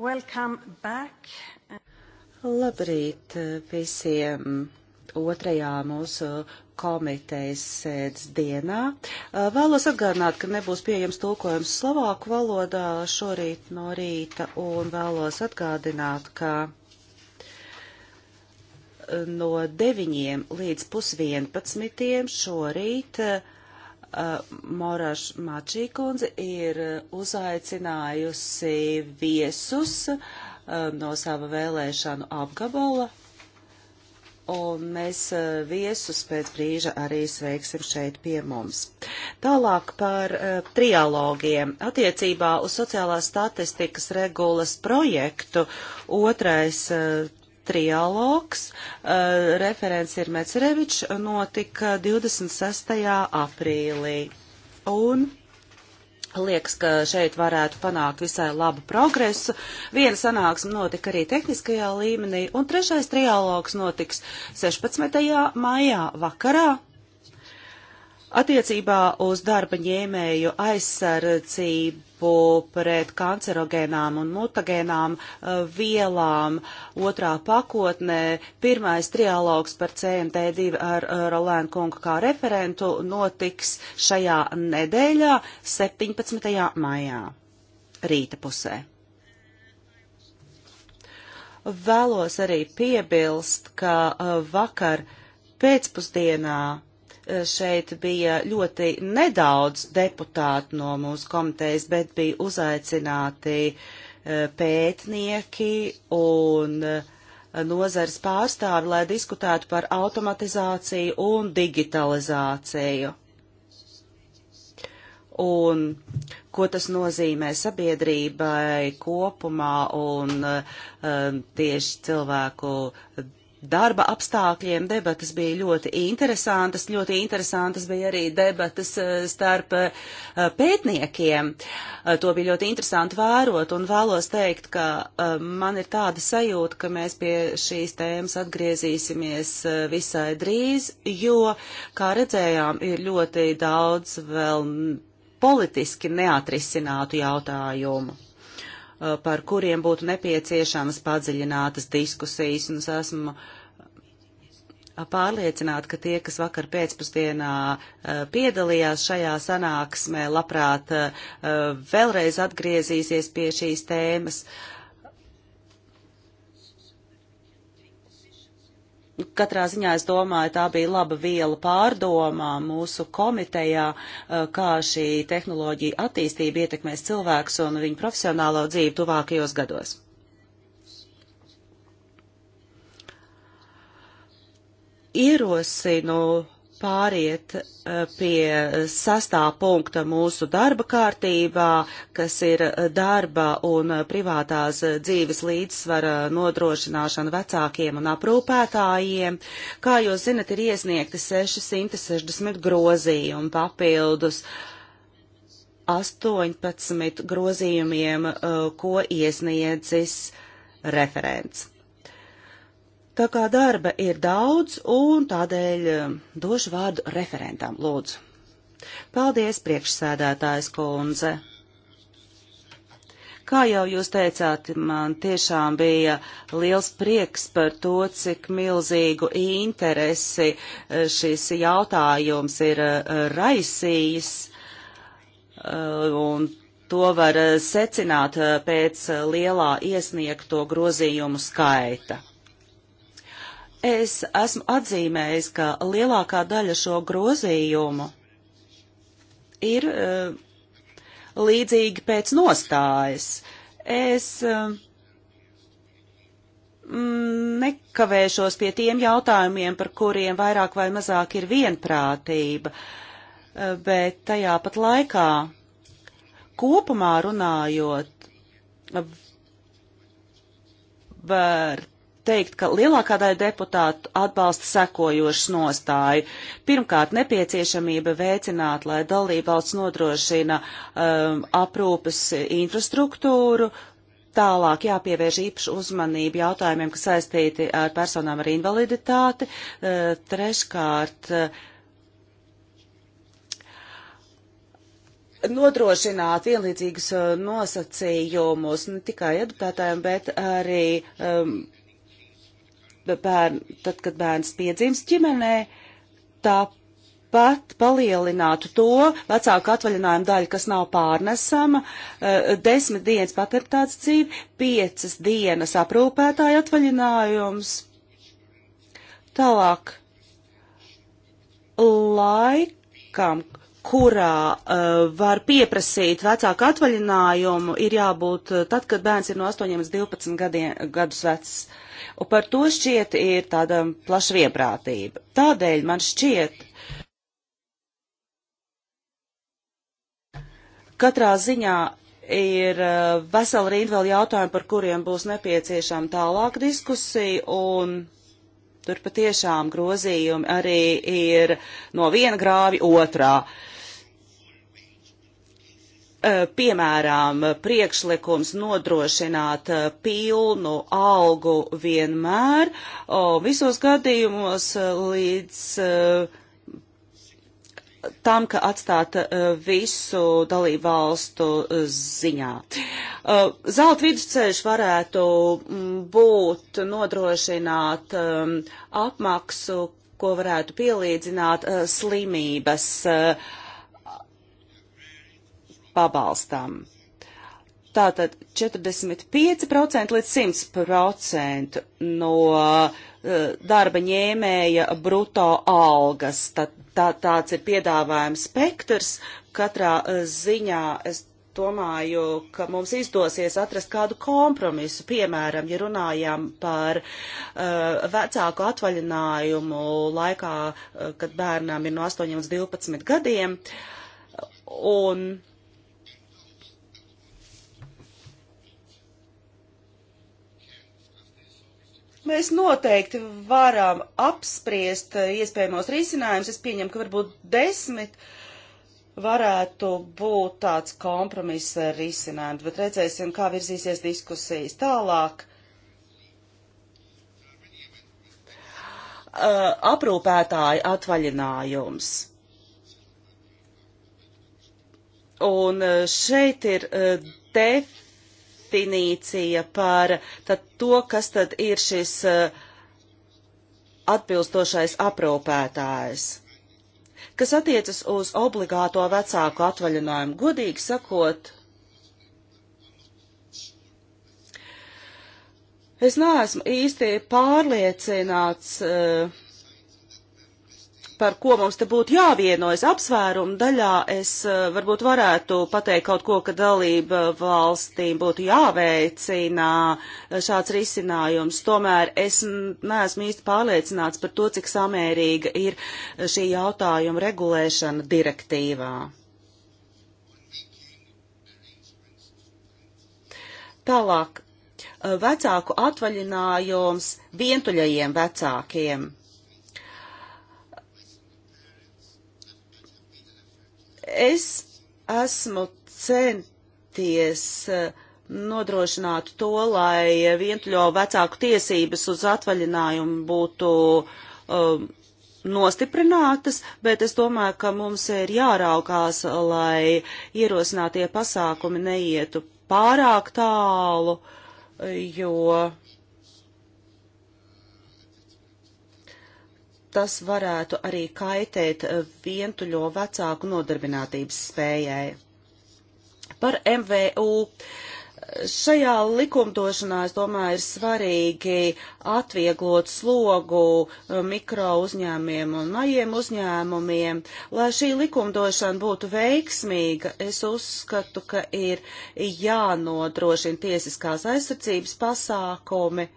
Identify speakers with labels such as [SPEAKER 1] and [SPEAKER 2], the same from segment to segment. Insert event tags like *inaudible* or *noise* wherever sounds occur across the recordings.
[SPEAKER 1] Welcome back. Labrīt visiem otrajā mūsu komitejas sēdes dienā. Uh, vēlos atgādināt, ka nebūs pieejams tulkojums slovāku valodā šorīt no rīta un vēlos atgādināt, ka uh, no 9 līdz pusvienpadsmitiem šorīt uh, Eh, Morāš Mačīkundze ir eh, uzaicinājusi viesus eh, no sava vēlēšanu apgabala, un mēs viesus pēc brīža arī sveiksim šeit pie mums. Tālāk par uh, trialogiem. Attiecībā uz sociālās statistikas regulas projektu otrais uh, trialogs, uh, referents ir Mecerevičs, notika 26. aprīlī. Un Liekas, ka šeit varētu panākt visai labu progresu. Viena sanāksme notika arī tehniskajā līmenī, un trešais trialogs notiks 16. maijā vakarā Attiecībā uz darba ņēmēju aizsardzību pret kancerogēnām un mutagēnām eh, vielām otrā pakotnē pirmais trialogs par CMT2 ar eh, Rolēnu kungu kā referentu notiks šajā nedēļā 17. maijā rīta pusē. Vēlos arī piebilst, ka eh, vakar pēcpusdienā šeit bija ļoti nedaudz deputātu no mūsu komitejas, bet bija uzaicināti e, pētnieki un e, nozares pārstāvi, lai diskutētu par automatizāciju un digitalizāciju. Un ko tas nozīmē sabiedrībai kopumā un um, tieši cilvēku darba apstākļiem. Debatas bija ļoti interesantas, ļoti interesantas bija arī debatas eh, starp eh, pētniekiem. Eh, to bija ļoti interesanti vērot un vēlos teikt, ka man ir tāda sajūta, ka mēs pie šīs tēmas atgriezīsimies visai drīz, jo, kā redzējām, ir ļoti daudz vēl politiski neatrisinātu jautājumu. Uh, par kuriem būtu nepieciešamas padziļinātas diskusijas, un es esmu uh, pārliecināta, ka tie, kas vakar pēcpusdienā uh, piedalījās šajā sanāksmē, labprāt vēlreiz atgriezīsies pie šīs tēmas. Uh, Katrā ziņā es domāju, tā bija laba viela pārdomā mūsu komitejā, eh, kā šī tehnoloģija attīstība ietekmēs cilvēks un viņu profesionālo dzīvi tuvākajos gados. Ierosinu pāriet eh, pie sastā punkta mūsu darba kārtībā, kas ir eh, darba un privātās eh, dzīves līdzsvara nodrošināšana vecākiem un aprūpētājiem. Kā jūs zinat, ir iesniegti 660 grozījumi papildus. 18 grozījumiem, ko iesniedzis referents. Tā kā darba ir daudz, un tādēļ um, došu vārdu referentam, lūdzu. Paldies, priekšsēdētājs kundze. Kā jau jūs teicāt, man tiešām bija liels prieks par to, cik milzīgu interesi uh, šis jautājums ir uh, raisījis. Uh, un to var secināt pēc lielā iesniegto grozījumu skaita. Es esmu atzīmējis, ka lielākā daļa šo grozījumu ir uh, līdzīgi pēc nostājas. Es uh, nekavēšos pie tiem jautājumiem, par kuriem vairāk vai mazāk ir vienprātība, uh, bet tajā pat laikā kopumā runājot, var teikt, ka lielākā daļa deputātu atbalsta sekojošu nostāju. Pirmkārt, nepieciešamība veicināt, lai dalībvalsts nodrošina um, aprūpes infrastruktūru. Tālāk jāpievērš īpašu uzmanību jautājumiem, kas saistīti ar personām ar invaliditāti. Uh, treškārt, uh, nodrošināt vienlīdzīgus uh, nosacījumus ne tikai adaptētājiem, bet arī um, bērn, tad, kad bērns piedzimst ģimenē, tāpat palielinātu to vecāku atvaļinājumu daļu, kas nav pārnesama, eh, desmit dienas patertāts dzīve, piecas dienas aprūpētāja atvaļinājums. Tālāk, laikam, kurā uh, var pieprasīt vecāku atvaļinājumu, ir jābūt eh, tad, kad bērns ir no 8 līdz 12 gadiem, gadus vecs. Un par to šķiet ir tāda plaša vienprātība. Tādēļ man šķiet, katrā ziņā ir eh, vesela rinda vēl jautājumi, par kuriem būs nepieciešama tālāk diskusija, un tur patiešām grozījumi arī ir no viena grāvi otrā. E, piemēram, priekšlikums nodrošināt e, pilnu algu vienmēr, visos gadījumos e, līdz tam, ka atstāta eh, visu dalību valstu eh, ziņā. Eh, zelta vidusceļš varētu mm, būt nodrošināt ehm, apmaksu, ko varētu pielīdzināt slimības pabalstam. Tātad 45% līdz 100% no uh, Eh, darba ņēmēja bruto algas. Tā, tā, tāds ir piedāvājums spektrs. Katrā eh, ziņā es domāju, ka mums izdosies atrast kādu kompromisu. Piemēram, ja runājam par uh, vecāku atvaļinājumu laikā, uh, kad bērnām ir no 8 līdz 12 gadiem. Un Mēs noteikti varam apspriest eh, iespējamos risinājumus. Es pieņemu, ka varbūt desmit varētu būt tāds kompromisa risinājums, bet redzēsim, kā virzīsies diskusijas tālāk. Uh, eh, aprūpētāja atvaļinājums. Un eh, šeit ir uh, def definīcija par tad, to, kas tad ir šis eh, atbilstošais aprūpētājs. Kas attiecas uz obligāto vecāku atvaļinājumu, godīgi sakot, es neesmu īsti pārliecināts, uh, par ko mums te būtu jāvienojas apsvērumu daļā, es eh, varbūt varētu pateikt kaut ko, ka dalība valstīm būtu jāveicina eh, šāds risinājums. Tomēr es neesmu īsti pārliecināts par to, cik samērīga ir eh, šī jautājuma regulēšana direktīvā. Tālāk. Vecāku atvaļinājums vientuļajiem vecākiem. Es esmu centies eh, nodrošināt to, lai vientuļo vecāku tiesības uz atvaļinājumu būtu um, nostiprinātas, bet es domāju, ka mums ir jāraukās, lai ierosinātie pasākumi neietu pārāk tālu, jo tas varētu arī kaitēt eh, vientuļo vecāku nodarbinātības spējai. Par MVU. Šajā likumdošanā, es domāju, ir svarīgi atvieglot slogu eh, mikro uzņēmiem un maļiem uzņēmumiem. Lai šī likumdošana būtu veiksmīga, es uzskatu, ka ir jānodrošina tiesiskās aizsardzības pasākumi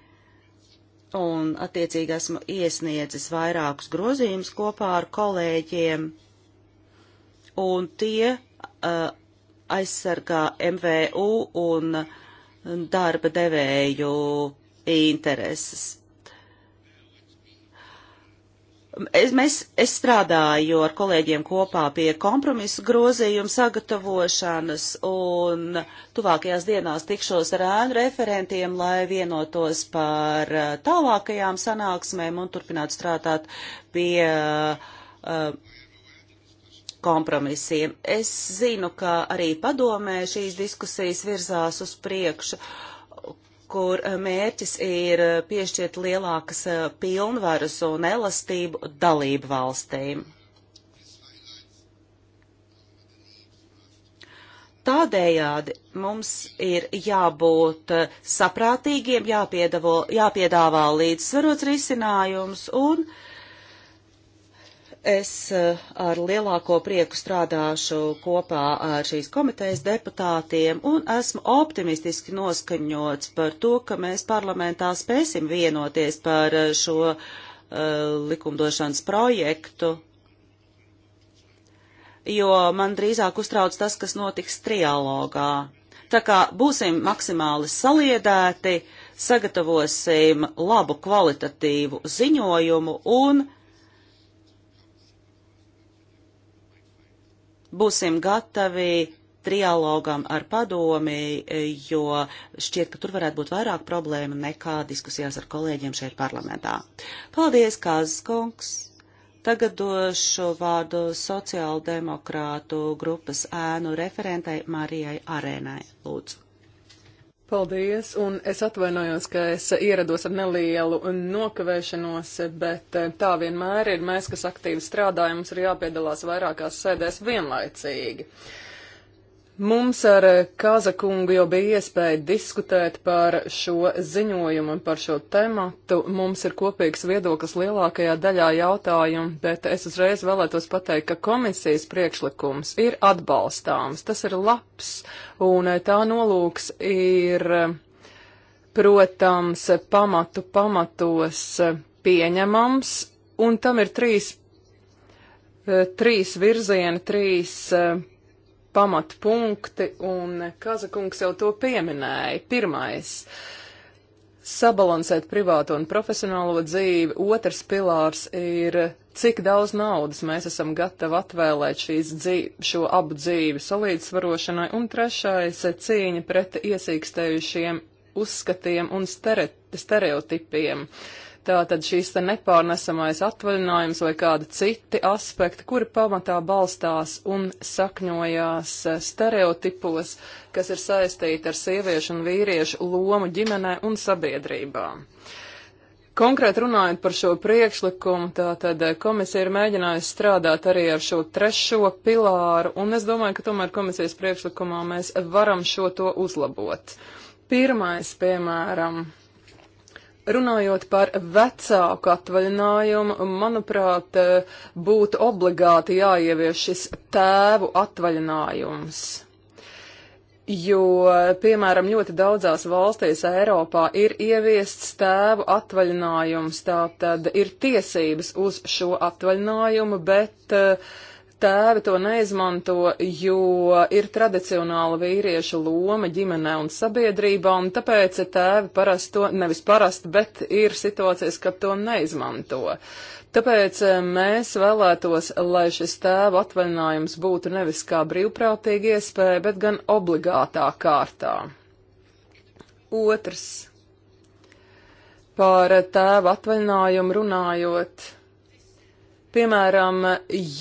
[SPEAKER 1] un attiecīgi esmu iesniedzis vairākus grozījumus kopā ar kolēģiem, un tie uh, aizsargā MVU un darba devēju intereses. Es, mēs, es strādāju ar kolēģiem kopā pie kompromisu grozījuma sagatavošanas un tuvākajās dienās tikšos ar ēnu referentiem, lai vienotos par eh, tālākajām sanāksmēm un turpinātu strādāt pie uh, kompromisiem. Es zinu, ka arī padomē šīs diskusijas virzās uz priekšu. Uh, kur eh, mērķis ir eh, piešķirt lielākas eh, pilnvaras un elastību dalību valstīm. Tādējādi mums ir jābūt saprātīgiem, jāpiedavo, jāpiedāvā līdzsvarots risinājums un uh, Es eh, ar lielāko prieku strādāšu kopā ar šīs komitejas deputātiem un esmu optimistiski noskaņots par to, ka mēs parlamentā spēsim vienoties par eh, šo uh, likumdošanas projektu, jo man drīzāk uztrauc tas, kas notiks trialogā. Tā kā būsim maksimāli saliedēti, sagatavosim labu kvalitatīvu ziņojumu un būsim gatavi trialogam ar padomi, e, jo šķiet, ka tur varētu būt vairāk problēma nekā diskusijās ar kolēģiem šeit parlamentā. Paldies, Kazkungs! Tagad došu vārdu sociāldemokrātu grupas ēnu referentai Marijai Arēnai. Lūdzu. Paldies, un es atvainojos, ka
[SPEAKER 2] es ierados ar nelielu nokavēšanos, bet eh, tā vienmēr ir mēs, kas aktīvi strādājam, mums ir jāpiedalās vairākās sēdēs vienlaicīgi. Mums ar Kazakungu jau bija iespēja diskutēt par šo ziņojumu un par šo tematu. Mums ir kopīgs viedoklis lielākajā daļā jautājumu, bet es uzreiz vēlētos pateikt, ka komisijas priekšlikums ir atbalstāms, tas ir labs, un tā nolūks ir, protams, pamatu pamatos pieņemams, un tam ir trīs, trīs virzieni, trīs pamatpunkti, un Kazakungs jau to pieminēja. Pirmais - sabalansēt privāto un profesionālo dzīvi. Otrs pilārs ir, cik daudz naudas mēs esam gatavi atvēlēt šīs dzīvi, šo abu dzīvi salīdzvarošanai. Un trešais - cīņa pret iesīkstējušiem uzskatiem un stere stereotipiem. Uh, Tātad šīs te nepārnesamais atvaļinājums vai kādi citi aspekti, kuri pamatā balstās un sakņojās eh, stereotipos, kas ir saistīti ar sieviešu un vīriešu lomu ģimenē un sabiedrībā. Konkrēt runājot par šo priekšlikumu, tātad eh, komisija ir mēģinājusi strādāt arī ar šo trešo pilāru, un es domāju, ka tomēr komisijas priekšlikumā mēs varam šo to uzlabot. Pirmais, piemēram, Runājot par vecāku atvaļinājumu, manuprāt, būtu obligāti jāievieš šis tēvu atvaļinājums. Jo, piemēram, ļoti daudzās valstīs Eiropā ir ieviests tēvu atvaļinājums, tā tad ir tiesības uz šo atvaļinājumu, bet uh, tēvi to neizmanto, jo ir tradicionāla vīrieša loma ģimenē un sabiedrībā, un tāpēc tēvi parasti to, nevis parasti, bet ir situācijas, kad to neizmanto. Tāpēc eh, mēs vēlētos, lai šis tēva atvaļinājums būtu nevis kā brīvprātīga iespēja, bet gan obligātā kārtā. Otrs. Par tēva atvaļinājumu runājot Piemēram,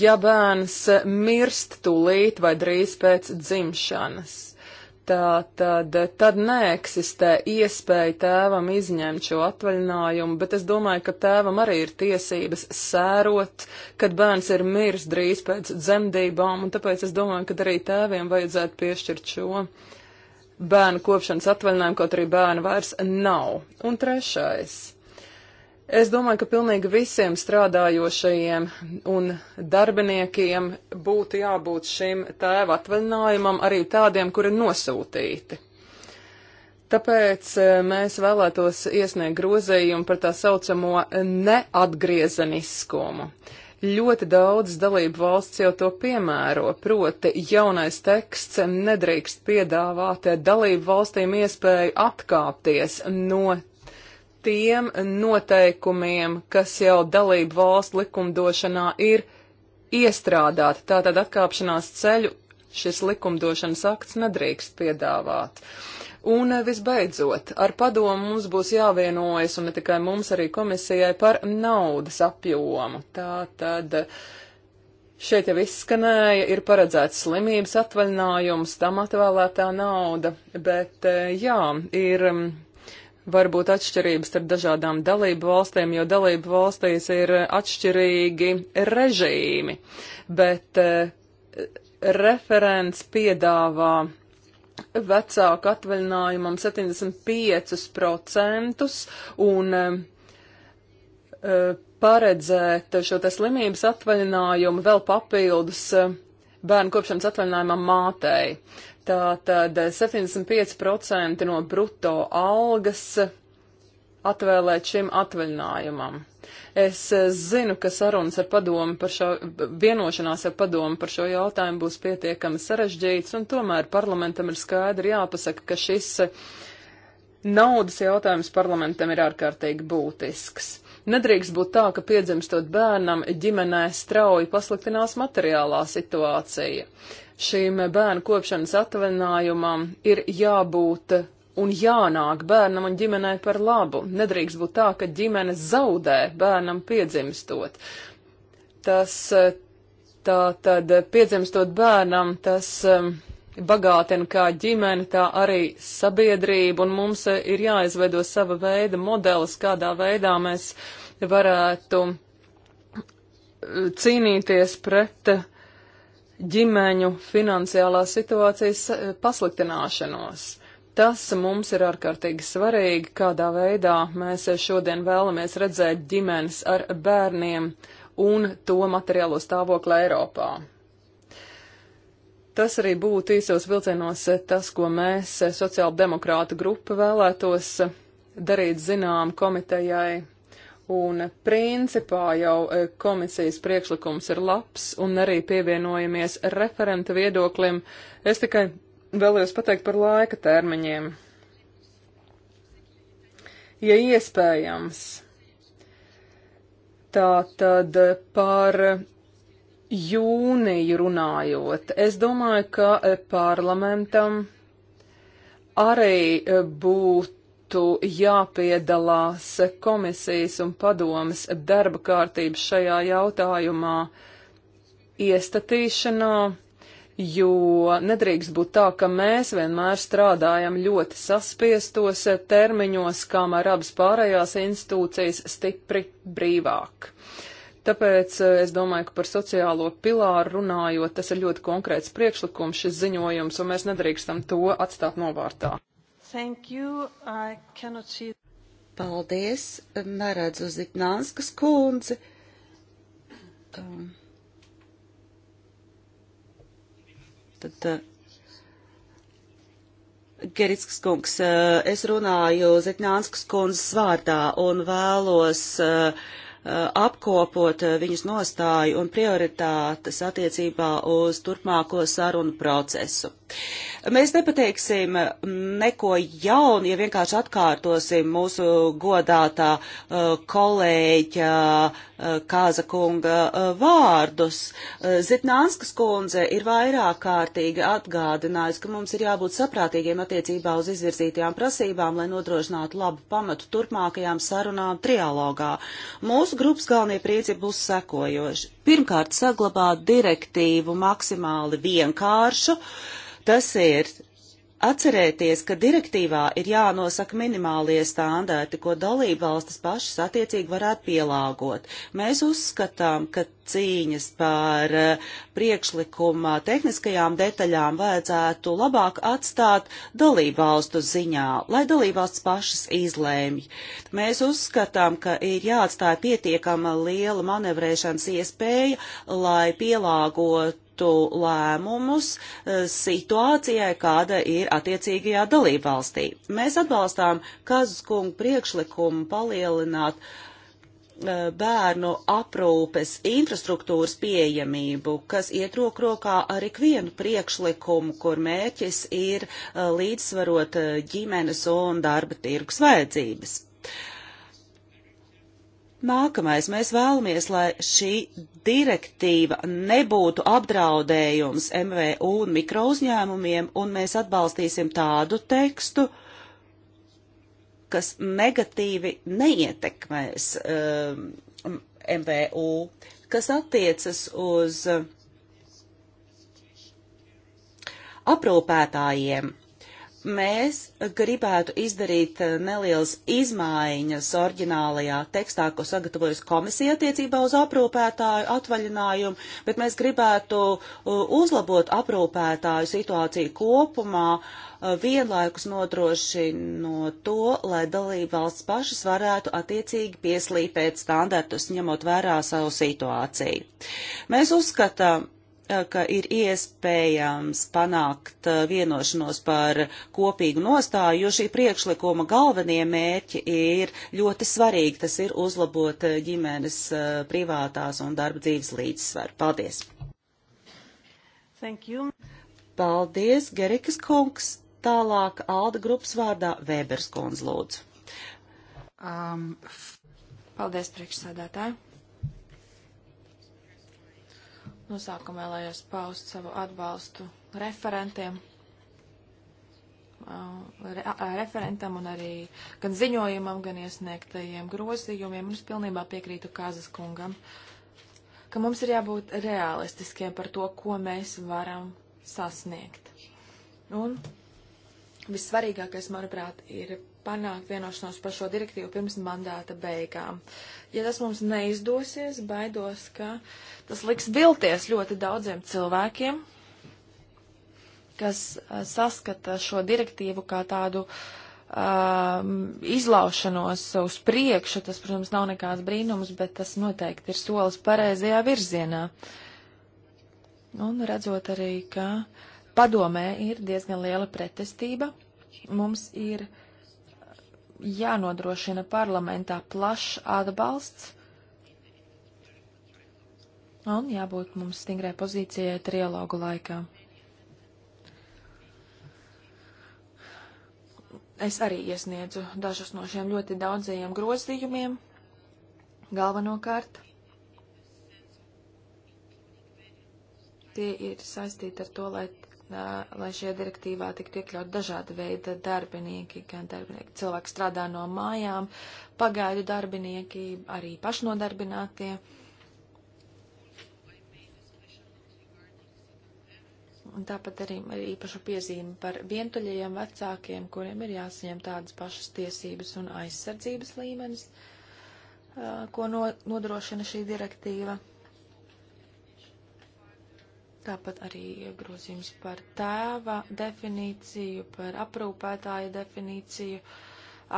[SPEAKER 2] ja bērns mirst tūlīt vai drīz pēc dzimšanas, tā tad, tad neeksistē iespēja tēvam izņemt šo atvaļinājumu, bet es domāju, ka tēvam arī ir tiesības sērot, kad bērns ir mirs drīz pēc dzemdībām, un tāpēc es domāju, ka arī tēviem vajadzētu piešķirt šo bērnu kopšanas atvaļinājumu, kaut arī bērnu vairs nav. Un trešais Es domāju, ka pilnīgi visiem strādājošajiem un darbiniekiem būtu jābūt šim tēva atvaļinājumam, arī tādiem, kuri nosūtīti. Tāpēc e, mēs vēlētos iesniegt grozījumu par tā saucamo neatgriezeniskumu. Ļoti daudz dalību valsts jau to piemēro, proti jaunais teksts nedrīkst piedāvāt dalību valstīm iespēju atkāpties no tiem noteikumiem, kas jau dalību valstu likumdošanā ir iestrādāti. Tātad atkāpšanās ceļu šis likumdošanas akts nedrīkst piedāvāt. Un eh, visbeidzot, ar padomu mums būs jāvienojas, un ne tikai mums, arī komisijai par naudas apjomu. Tā tad eh, šeit jau izskanēja, ir paredzēts slimības atvaļinājums, tam atvēlētā nauda, bet eh, jā, ir mm, varbūt atšķirības starp dažādām dalību valstīm, jo dalību valstīs ir atšķirīgi režīmi, bet eh, referents piedāvā vecāku atvaļinājumam 75% un eh, paredzēt šo te slimības atvaļinājumu vēl papildus eh, bērnu kopšanas atvaļinājumam mātei. Tātad 75% no bruto algas atvēlēt šim atvaļinājumam. Es eh, zinu, ka sarunas ar padomu par šo, vienošanās ar padomu par šo jautājumu būs pietiekami sarežģīts, un tomēr parlamentam ir skaidri jāpasaka, ka šis eh, naudas jautājums parlamentam ir ārkārtīgi būtisks. Nedrīkst būt tā, ka piedzimstot bērnam ģimenē strauji pasliktinās materiālā situācija. Šīm bērnu kopšanas atvaļinājumam ir jābūt un jānāk bērnam un ģimenei par labu. Nedrīkst būt tā, ka ģimene zaudē bērnam piedzimstot. Tas tā tad piedzimstot bērnam, tas. Um, bagātina kā ģimeni, tā arī sabiedrību, un mums ir jāizveido sava veida modelis, kādā veidā mēs varētu eh, cīnīties pret ģimeņu finansiālās situācijas eh, pasliktināšanos. Tas mums ir ārkārtīgi svarīgi, kādā veidā mēs šodien vēlamies redzēt ģimenes ar bērniem un to materiālo stāvokli Eiropā. Tas arī būtu īsos vilcienos eh, tas, ko mēs, eh, sociāla demokrāta grupa, vēlētos eh, darīt zinām komitejai. Un principā jau komisijas priekšlikums ir labs un arī pievienojamies referenta viedoklim. Es tikai vēlējos pateikt par laika termiņiem. Ja iespējams, tā tad par jūniju runājot, es domāju, ka e, parlamentam arī e, būtu jāpiedalās komisijas un padomas darba kārtības šajā jautājumā iestatīšanā, jo nedrīkst būt tā, ka mēs vienmēr strādājam ļoti saspiestos termiņos, kamēr abas pārējās institūcijas stipri brīvāk. Tāpēc eh, es domāju, ka par sociālo pilāru runājot, tas ir ļoti konkrēts priekšlikums, šis ziņojums, un mēs
[SPEAKER 1] nedrīkstam to atstāt novārtā.
[SPEAKER 2] Thank you. I cannot see.
[SPEAKER 1] Paldies, neredzu Zitnānskas kundzi. Um, tad, uh, Geritskas kungs, uh, es runāju Zitnānskas kundzes vārdā un vēlos uh, apkopot eh, viņas nostāju un prioritātes attiecībā uz turpmāko sarunu procesu. Mēs nepateiksim neko jaunu, ja vienkārši atkārtosim mūsu godātā uh, kolēģa uh, Kāza kunga uh, vārdus. Zitnānskas kundze ir vairāk kārtīgi atgādinājusi, ka mums ir jābūt saprātīgiem attiecībā uz izvirzītajām prasībām, lai nodrošinātu labu pamatu turpmākajām sarunām trialogā. Mūsu grupas galvenie principi būs sekojoši. Pirmkārt, saglabāt direktīvu maksimāli vienkāršu, uh, Tas ir atcerēties, ka direktīvā ir jānosaka minimālie standarti, ko dalībvalstis pašas attiecīgi varētu pielāgot. Mēs uzskatām, ka cīņas par eh, priekšlikuma tehniskajām detaļām vajadzētu labāk atstāt dalībvalstu ziņā, lai dalībvalsts pašas izlēmj. Mēs uzskatām, ka ir jāatstāja pietiekama liela manevrēšanas iespēja, lai pielāgotu citu lēmumus eh, situācijai, kāda ir attiecīgajā dalībvalstī. Mēs atbalstām Kazaskunga priekšlikumu palielināt eh, bērnu aprūpes infrastruktūras pieejamību, kas iet roku rokā ar ikvienu priekšlikumu, kur mērķis ir eh, līdzsvarot ģimenes un darba tirgus vajadzības. Uh, Nākamais, mēs vēlamies, lai šī direktīva nebūtu apdraudējums MVU un mikrouzņēmumiem, un mēs atbalstīsim tādu tekstu, kas negatīvi neietekmēs um, MVU, kas attiecas uz uh, aprūpētājiem mēs gribētu izdarīt eh, nelielas izmaiņas orģinālajā tekstā, ko sagatavojas komisija attiecībā uz aprūpētāju atvaļinājumu, bet mēs gribētu eh, uzlabot aprūpētāju situāciju kopumā, eh, vienlaikus nodrošinot to, lai dalība valsts pašas varētu attiecīgi pieslīpēt standartus, ņemot vērā savu situāciju. Mēs uzskatām, ka ir iespējams panākt uh, vienošanos par kopīgu nostāju, jo šī priekšlikuma galvenie mērķi ir ļoti svarīgi. Tas ir uzlabot uh, ģimenes uh, privātās un darba dzīves līdzsvaru. Paldies! Thank you. Paldies, Gerikas kungs! Tālāk Alda grupas vārdā Vēberskons lūdzu. Um, paldies, priekšsādātāji!
[SPEAKER 3] Nosākumā nu, vēlējos paust savu atbalstu referentiem, uh, re, referentam un arī gan ziņojumam, gan iesniegtajiem grozījumiem. Es pilnībā piekrītu Kāzas kungam, ka mums ir jābūt realistiskiem par to, ko mēs varam sasniegt. Un Vissvarīgākais, manuprāt, ir panākt vienošanos par šo direktīvu pirms mandāta beigām. Ja tas mums neizdosies, baidos, ka tas liks vilties ļoti daudziem cilvēkiem, kas a, uh, saskata šo direktīvu kā tādu uh, izlaušanos uz priekšu. Tas, protams, nav nekāds brīnums, bet tas noteikti ir solis pareizajā virzienā. Un redzot arī, ka uh, padomē ir diezgan liela pretestība. Mums ir jānodrošina parlamentā plašs atbalsts un jābūt mums stingrai pozīcijai trialogu laikā. Es arī iesniedzu dažus no šiem ļoti daudzajiem grozījumiem, galvenokārt. Tie ir saistīti ar to, lai lai šajā direktīvā tiktu iekļaut dažāda veida darbinieki, gan darbinieki, cilvēki strādā no mājām, pagaidu darbinieki, arī pašnodarbinātie. Un tāpat arī ir īpaša piezīme par vientuļajiem vecākiem, kuriem ir jāsaņem tādas pašas tiesības un aizsardzības līmenis, ko no, nodrošina šī direktīva. Tāpat arī grozījums par tēva definīciju, par aprūpētāja definīciju.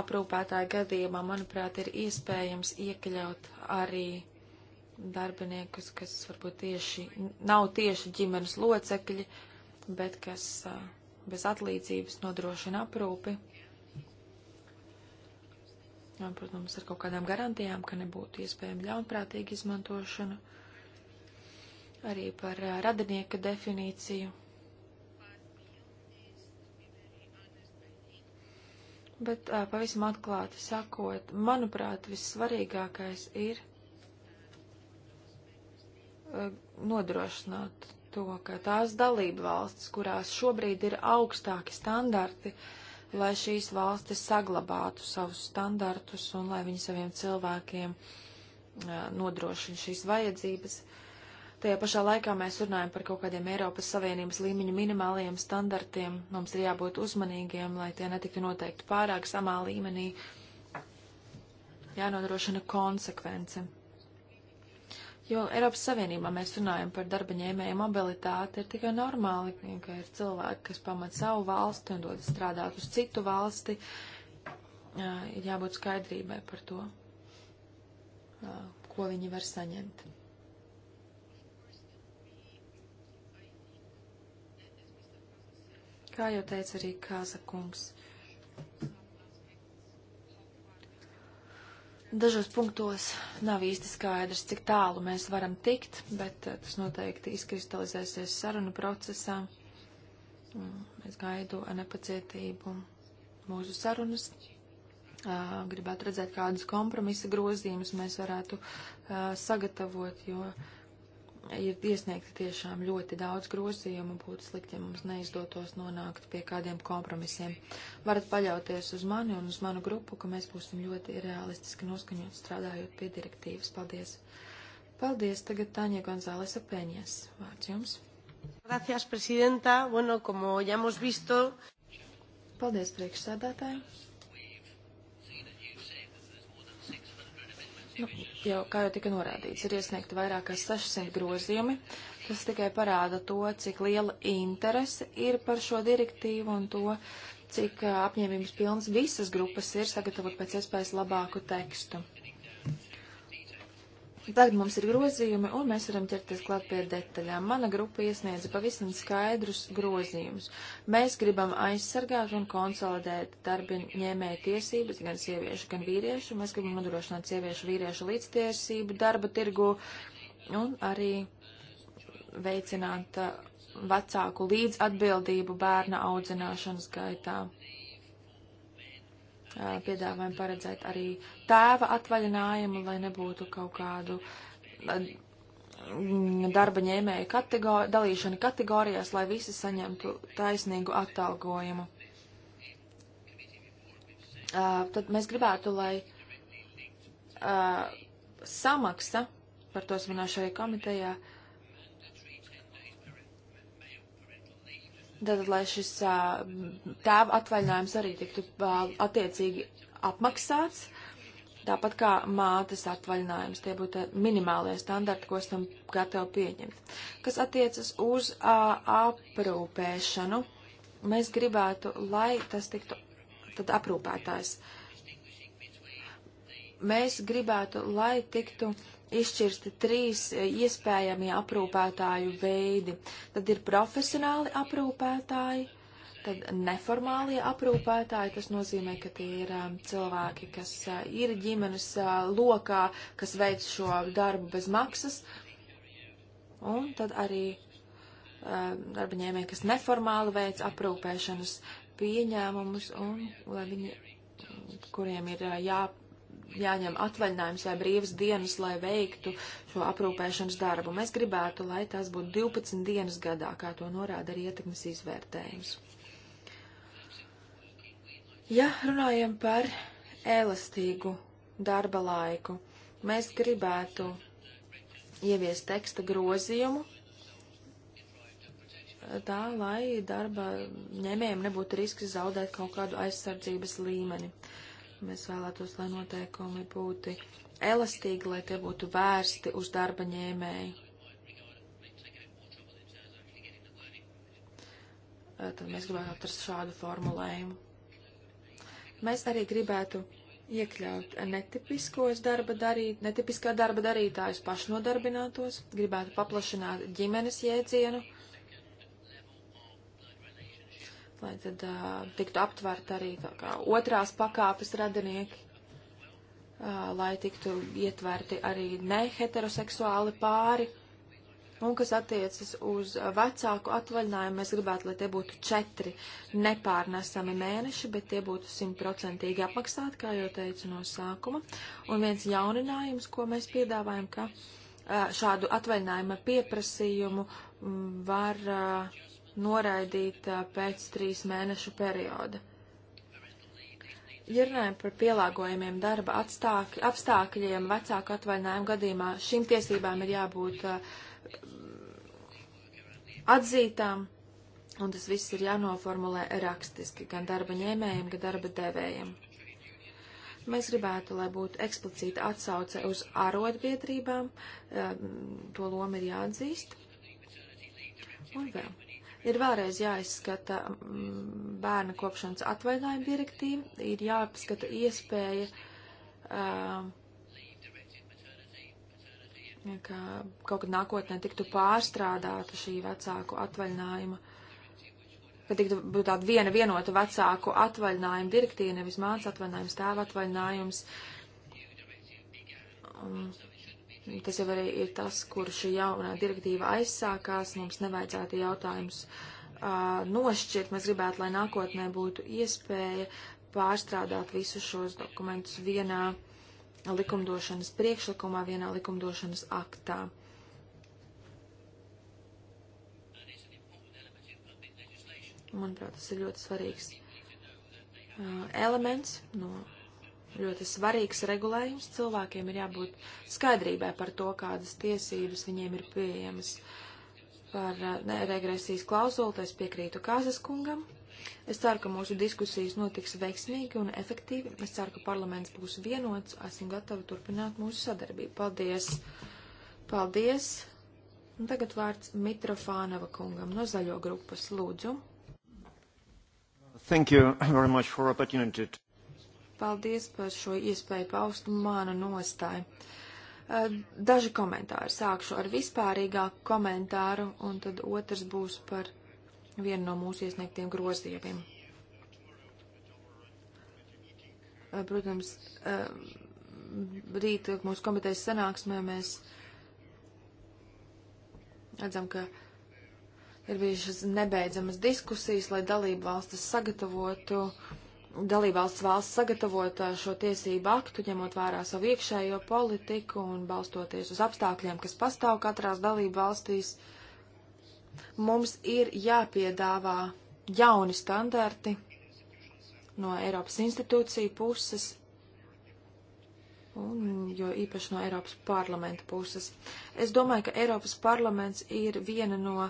[SPEAKER 3] Aprūpētāja gadījumā, manuprāt, ir iespējams iekļaut arī darbiniekus, kas varbūt tieši nav tieši ģimenes locekļi, bet kas bez atlīdzības nodrošina aprūpi. Un, protams, ar kaut kādām garantijām, ka nebūtu iespējama ļaunprātīga izmantošana arī par radinieka definīciju. Bet pavisam atklāti sakot, manuprāt, vissvarīgākais ir nodrošināt to, ka tās dalība valstis, kurās šobrīd ir augstāki standarti, lai šīs valstis saglabātu savus standartus un lai viņi saviem cilvēkiem nodrošina šīs vajadzības. Uh, Tajā pašā laikā mēs runājam par kaut kādiem Eiropas Savienības līmeņa minimāliem standartiem. Mums ir jābūt uzmanīgiem, lai tie netiktu noteikti pārāk samā līmenī. Jānodrošina konsekvence. Jo Eiropas Savienībā mēs runājam par darba ņēmēju mobilitāti, ir tikai normāli, ka ir cilvēki, kas pamat savu valsti un dod strādāt uz citu valsti. Ir jābūt skaidrībai par to, ko viņi var saņemt. kā jau teica arī Kāza kungs. Dažos punktos nav īsti skaidrs, cik tālu mēs varam tikt, bet eh, tas noteikti izkristalizēsies sarunu procesā. Es gaidu ar nepacietību mūsu sarunas. Eh, gribētu redzēt, kādus kompromisa grozījumus mēs varētu eh, sagatavot, jo ir iesniegti tiešām ļoti daudz grozījumu, būtu slikti, ja mums neizdotos nonākt pie kādiem kompromisiem. Varat paļauties uz mani un uz manu grupu, ka mēs būsim ļoti realistiski noskaņot strādājot pie direktīvas. Paldies! Paldies! Tagad Tāņa Gonzālesa Peņas. Vārds jums! Gracias, presidenta. Bueno, como ya hemos visto. Paldies, priekšsēdētāji! Nu, jau, kā jau tika norādīts, ir iesniegti vairāk kā 600 grozījumi. Tas tikai parāda to, cik liela interese ir par šo direktīvu un to, cik apņēmības pilnas visas grupas ir sagatavot pēc iespējas labāku tekstu. Tagad mums ir grozījumi, un mēs varam ķerties klāt pie detaļām. Mana grupa iesniedza pavisam skaidrus grozījumus. Mēs gribam aizsargāt un konsolidēt darbiņēmēju tiesības, gan sieviešu, gan vīriešu. Mēs gribam nodrošināt sieviešu vīriešu līdztiesību darba tirgu un arī veicināt uh, vecāku līdz atbildību bērna audzināšanas gaitā piedāvājam paredzēt arī tēva atvaļinājumu, lai nebūtu kaut kādu mm, darba ņēmēju kategori dalīšanu kategorijās, lai visi saņemtu taisnīgu atalgojumu. Uh, tad mēs gribētu, lai uh, samaksa, par to svinā šajā komitejā, uh, Tātad, lai šis tēva atvaļinājums arī tiktu attiecīgi apmaksāts, tāpat kā mātes atvaļinājums. Tie būtu minimālie standarti, ko esam gatavi pieņemt. Kas attiecas uz aprūpēšanu, mēs gribētu, lai tas tiktu tad aprūpētājs. Mēs gribētu, lai tiktu izšķirti trīs e, iespējamie aprūpētāju veidi. Tad ir profesionāli aprūpētāji, tad neformālie aprūpētāji, tas nozīmē, ka tie ir um, cilvēki, kas uh, ir ģimenes uh, lokā, kas veic šo darbu bez maksas, un tad arī um, darba ņēmēji, kas neformāli veic aprūpēšanas pieņēmumus, un lai viņi, kuriem ir uh, jā, jāņem atvaļinājums vai brīvas dienas, lai veiktu šo aprūpēšanas darbu. Mēs gribētu, lai tās būtu 12 dienas gadā, kā to norāda arī ietekmes izvērtējums. Ja runājam par elastīgu darba laiku, mēs gribētu ieviest teksta grozījumu, tā, lai darba ņēmējiem nebūtu risks zaudēt kaut kādu aizsardzības līmeni. Mēs vēlētos, lai noteikumi būtu elastīgi, lai tie būtu vērsti uz darba ņēmēju. Tad mēs gribētu atrast šādu formulējumu. Mēs arī gribētu iekļaut netipiskos darba darīt, netipiskā darba darītājus pašnodarbinātos, gribētu paplašināt ģimenes jēdzienu lai tad uh, tiktu aptvert arī tā kā otrās pakāpes radinieki, uh, lai tiktu ietverti arī neheteroseksuāli pāri. Un kas attiecas uz vecāku atvaļinājumu, mēs gribētu, lai tie būtu četri nepārnesami mēneši, bet tie būtu simtprocentīgi apmaksāti, kā jau teicu no sākuma. Un viens jauninājums, ko mēs piedāvājam, ka šādu atvaļinājuma pieprasījumu var uh, noraidīt pēc trīs mēnešu perioda. Ja runājam par pielāgojumiem darba atstākļ, apstākļiem vecāku atvaļinājumu gadījumā, šīm tiesībām ir jābūt atzītām, un tas viss ir jānoformulē rakstiski gan darba ņēmējiem, gan darba devējiem. Mēs gribētu, lai būtu eksplicīta atsauce uz arotbiedrībām, to loma ir jāatzīst. Un vēl. Ir vēlreiz jāizskata mm, bērna kopšanas atvaļinājuma direktīva, ir jāapskata iespēja, um, ka kaut kad nākotnē tiktu pārstrādāta šī vecāku atvaļinājuma, ka tiktu būt tāda viena vienota vecāku atvaļinājuma direktīva, nevis māca atvaļinājums, tēva atvaļinājums. Un Tas jau arī ir tas, kur šī jaunā direktīva aizsākās. Mums nevajadzētu jautājumus uh, nošķirt. Mēs gribētu, lai nākotnē būtu iespēja pārstrādāt visus šos dokumentus vienā likumdošanas priekšlikumā, vienā likumdošanas aktā. Manuprāt, tas ir ļoti svarīgs uh, elements no ļoti svarīgs regulējums. Cilvēkiem ir jābūt skaidrībai par to, kādas tiesības viņiem ir pieejamas. Par eh, ne, regresijas klauzulu es piekrītu Kāzas kungam. Es ceru, ka mūsu diskusijas notiks veiksmīgi un efektīvi. Es ceru, ka parlaments būs vienots. Esmu gatavi turpināt mūsu sadarbību. Paldies! Paldies! Un tagad vārds Mitrofānava kungam no zaļo grupas. Lūdzu! Thank you very much for opportunity to Paldies par šo iespēju paust manu nostāju. Daži komentāri. Sākšu ar vispārīgāku komentāru, un tad otrs būs par vienu no mūsu iesniegtiem grozījumiem. Protams, rīt mūsu komitejas sanāksmē mēs redzam, ka ir bijušas nebeidzamas diskusijas, lai dalību valstis sagatavotu uh, dalībvalsts vēlas sagatavot uh, šo tiesību aktu, ņemot vērā savu iekšējo politiku un balstoties uz apstākļiem, kas pastāv katrās dalībvalstīs, mums ir jāpiedāvā jauni standarti no Eiropas institūciju puses, un jo īpaši no Eiropas parlamenta puses. Es domāju, ka Eiropas parlaments ir viena no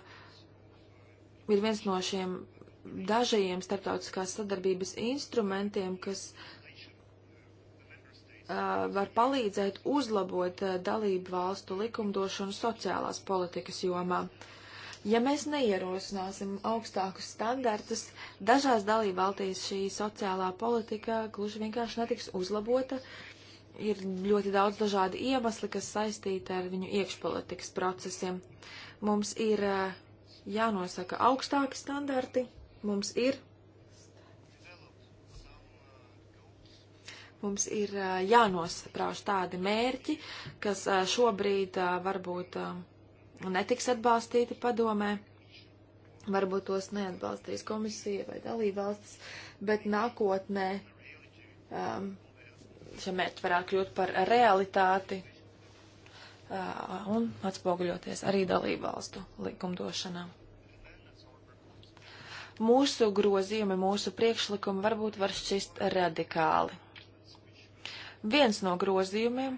[SPEAKER 3] ir viens no šiem dažajiem starptautiskās sadarbības instrumentiem, kas uh, var palīdzēt uzlabot uh, dalību valstu likumdošanu sociālās politikas jomā. Ja mēs neierosināsim augstākus standartus, dažās dalību valstīs šī sociālā politika gluži vienkārši netiks uzlabota. Ir ļoti daudz dažādi iemesli, kas saistīti ar viņu iekšpolitikas procesiem. Mums ir uh, jānosaka augstāki standarti, Mums ir. Mums ir uh, jānosprauž tādi mērķi, kas uh, šobrīd uh, varbūt netiks atbalstīti padomē. Varbūt tos neatbalstīs komisija vai dalībvalstis, bet nākotnē um, šie mērķi varētu kļūt par realitāti uh, un atspoguļoties arī dalībvalstu likumdošanā. Mūsu grozījumi, mūsu priekšlikumi varbūt var šķist radikāli. Viens no grozījumiem,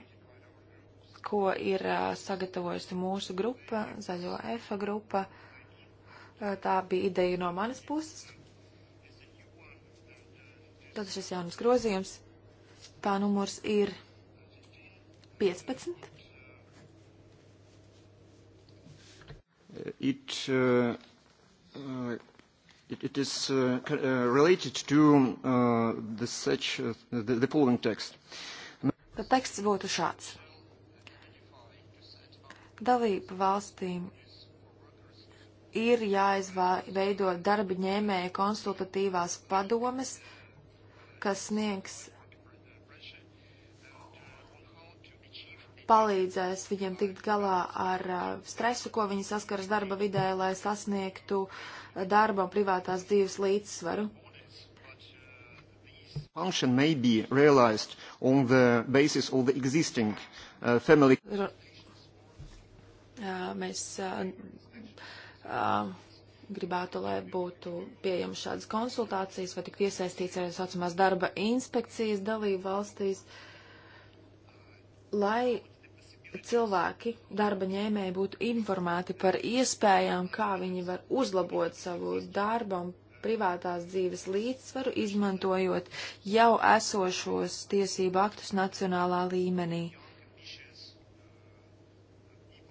[SPEAKER 3] ko ir sagatavojusi mūsu grupa, Zaļo EFA grupa, tā bija ideja no manas puses. Tad šis jaunas grozījums, tā numurs ir 15.
[SPEAKER 2] It uh, uh, It, it is uh, uh, related to uh, the, such, uh, the, the following text. Tad
[SPEAKER 3] teksts būtu šāds. Dalību valstīm ir jāizveido darba ņēmēja konsultatīvās padomes, kas sniegs palīdzēs viņiem tikt galā ar uh, stresu, ko viņi saskaras darba vidē, lai sasniegtu uh, darba un privātās dzīves līdzsvaru.
[SPEAKER 2] Function may be realized on the basis of the existing uh, family. R uh,
[SPEAKER 3] mēs uh, uh, gribētu, lai būtu pieejamas šādas konsultācijas vai tik iesaistīts arī saucamās darba inspekcijas dalību valstīs, lai cilvēki, darba ņēmēji, būtu informēti par iespējām, kā viņi var uzlabot savu darbu un privātās dzīves līdzsvaru, izmantojot jau esošos tiesību aktus nacionālā līmenī.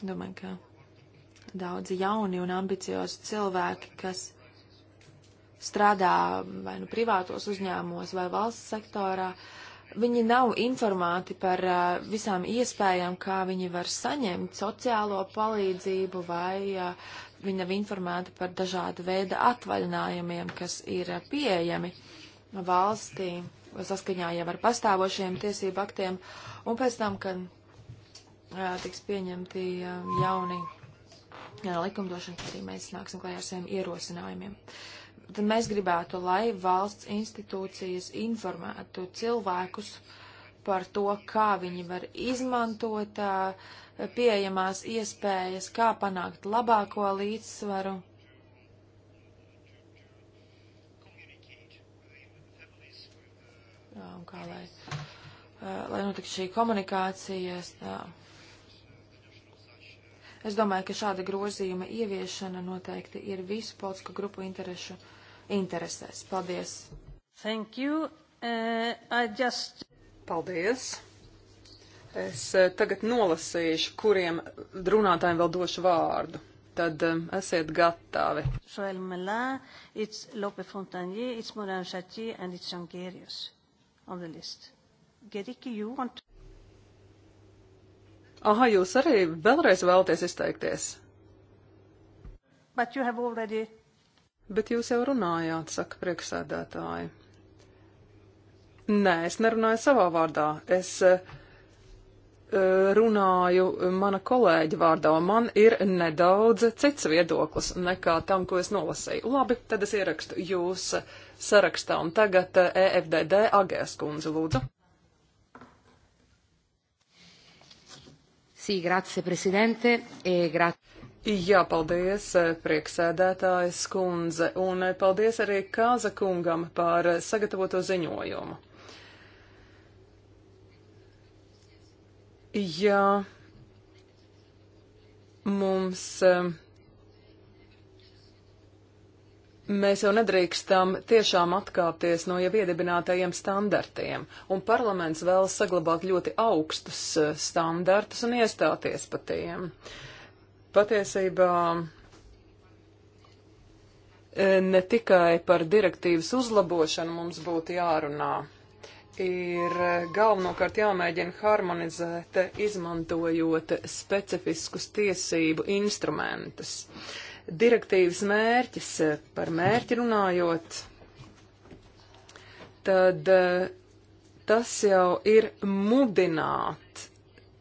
[SPEAKER 3] Domāju, ka daudzi jauni un ambiciozi cilvēki, kas strādā vai nu privātos uzņēmumos vai valsts sektorā, uh, Viņi nav informēti par uh, visām iespējām, kā viņi var saņemt sociālo palīdzību, vai uh, viņi nav informēti par dažādu veidu atvaļinājumiem, kas ir uh, pieejami valstī saskaņā jau ar pastāvošiem tiesību aktiem. Un pēc tam, kad uh, tiks pieņemti uh, jauni jā, likumdošana, arī mēs nāksim klajā ar saviem ierosinājumiem. Uh, tad mēs gribētu, lai valsts institūcijas informētu cilvēkus par to, kā viņi var izmantot pieejamās iespējas, kā panākt labāko līdzsvaru. Jā, un kā lai, lai notiktu šī komunikācija. Jā. Es domāju, ka šāda grozījuma ieviešana noteikti ir visu politisku grupu interešu interesēs.
[SPEAKER 2] Paldies! Thank you. Uh, I just... Paldies! Es eh, tagad nolasīšu, kuriem runātājiem vēl došu vārdu. Tad um, esiet gatavi.
[SPEAKER 1] Joël Melin, it's Lope Fontanier, it's Morin Chatier and it's Jangerius on the list. Geriki, you want to...
[SPEAKER 2] Aha, jūs arī vēlreiz vēlaties izteikties. But you have already Bet jūs jau runājāt, saka priekšsēdētāji. Nē, es nerunāju savā vārdā. Es uh, runāju mana kolēģa vārdā. Man ir nedaudz cits viedoklis nekā tam, ko es nolasīju. Labi, tad es ierakstu jūs sarakstā. Un tagad uh, eh, EFDD Agēs kundze, lūdzu. Sī, grazie, prezidente. E, grazie. Jā, paldies, eh, prieksēdētājas kundze, un eh, paldies arī Kāza kungam par eh, sagatavoto ziņojumu. Jā, mums. Mēs jau nedrīkstam tiešām atkāpties no jau iedibinātajiem standartiem, un parlaments vēlas saglabāt ļoti augstus standartus un iestāties par tiem. Uh, Patiesībā e, ne tikai par direktīvas uzlabošanu mums būtu jārunā. Ir galvenokārt jāmēģina harmonizēt, izmantojot specifiskus tiesību instrumentus. Direktīvas mērķis, par mērķi runājot, tad e, tas jau ir mudināt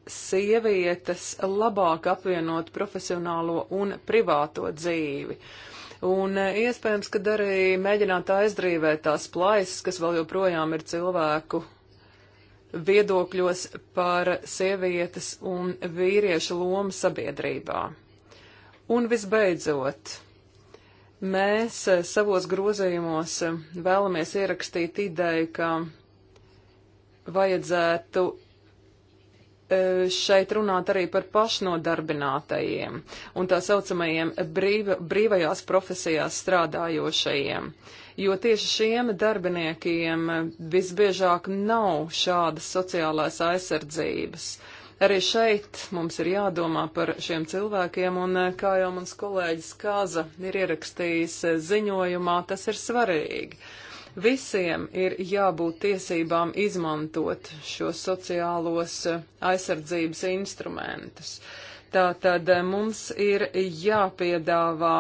[SPEAKER 2] sievietes labāk apvienot profesionālo un privāto dzīvi. Un eh, iespējams, ka arī mēģināt aizdrīvēt tās plaisas, kas vēl joprojām ir cilvēku viedokļos par sievietes un vīriešu lomu sabiedrībā. Un visbeidzot, mēs eh, savos grozījumos eh, vēlamies ierakstīt ideju, ka vajadzētu E, šeit runāt arī par pašnodarbinātajiem un tā saucamajiem brīv, brīvajās profesijās strādājošajiem, jo tieši šiem darbiniekiem visbiežāk nav šādas sociālās aizsardzības. Arī šeit mums ir jādomā par šiem cilvēkiem, un e, kā jau mans kolēģis Kāza ir ierakstījis e, ziņojumā, tas ir svarīgi. Uh, Visiem ir jābūt tiesībām izmantot šos sociālos eh, aizsardzības instrumentus. Tātad eh, mums ir jāpiedāvā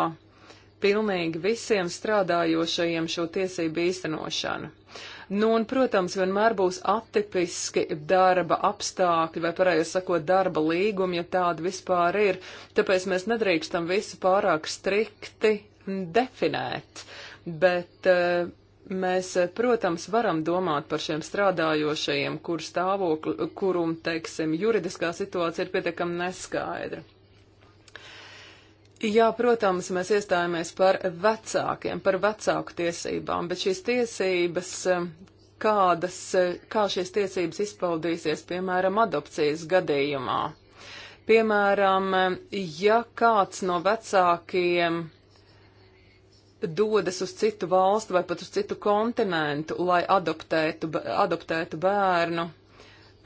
[SPEAKER 2] pilnīgi visiem strādājošajiem šo tiesību īstenošanu. Nu, un, protams, vienmēr būs atipiski darba apstākļi, vai pareizi sakot, darba līgumi, ja tāda vispār ir. Tāpēc mēs nedrīkstam visu pārāk strikti definēt. Bet uh, Mēs, eh, protams, varam domāt par šiem strādājošajiem, kur stāvokli, kurum, teiksim, juridiskā situācija ir pietiekami neskaidra. Jā, protams, mēs iestājāmies par vecākiem, par vecāku tiesībām, bet šīs tiesības, eh, kādas, eh, kā šīs tiesības izpaudīsies, piemēram, adopcijas gadījumā. Piemēram, ja kāds no vecākiem dodas uz citu valstu vai pat uz citu kontinentu, lai adoptētu, adoptētu bērnu,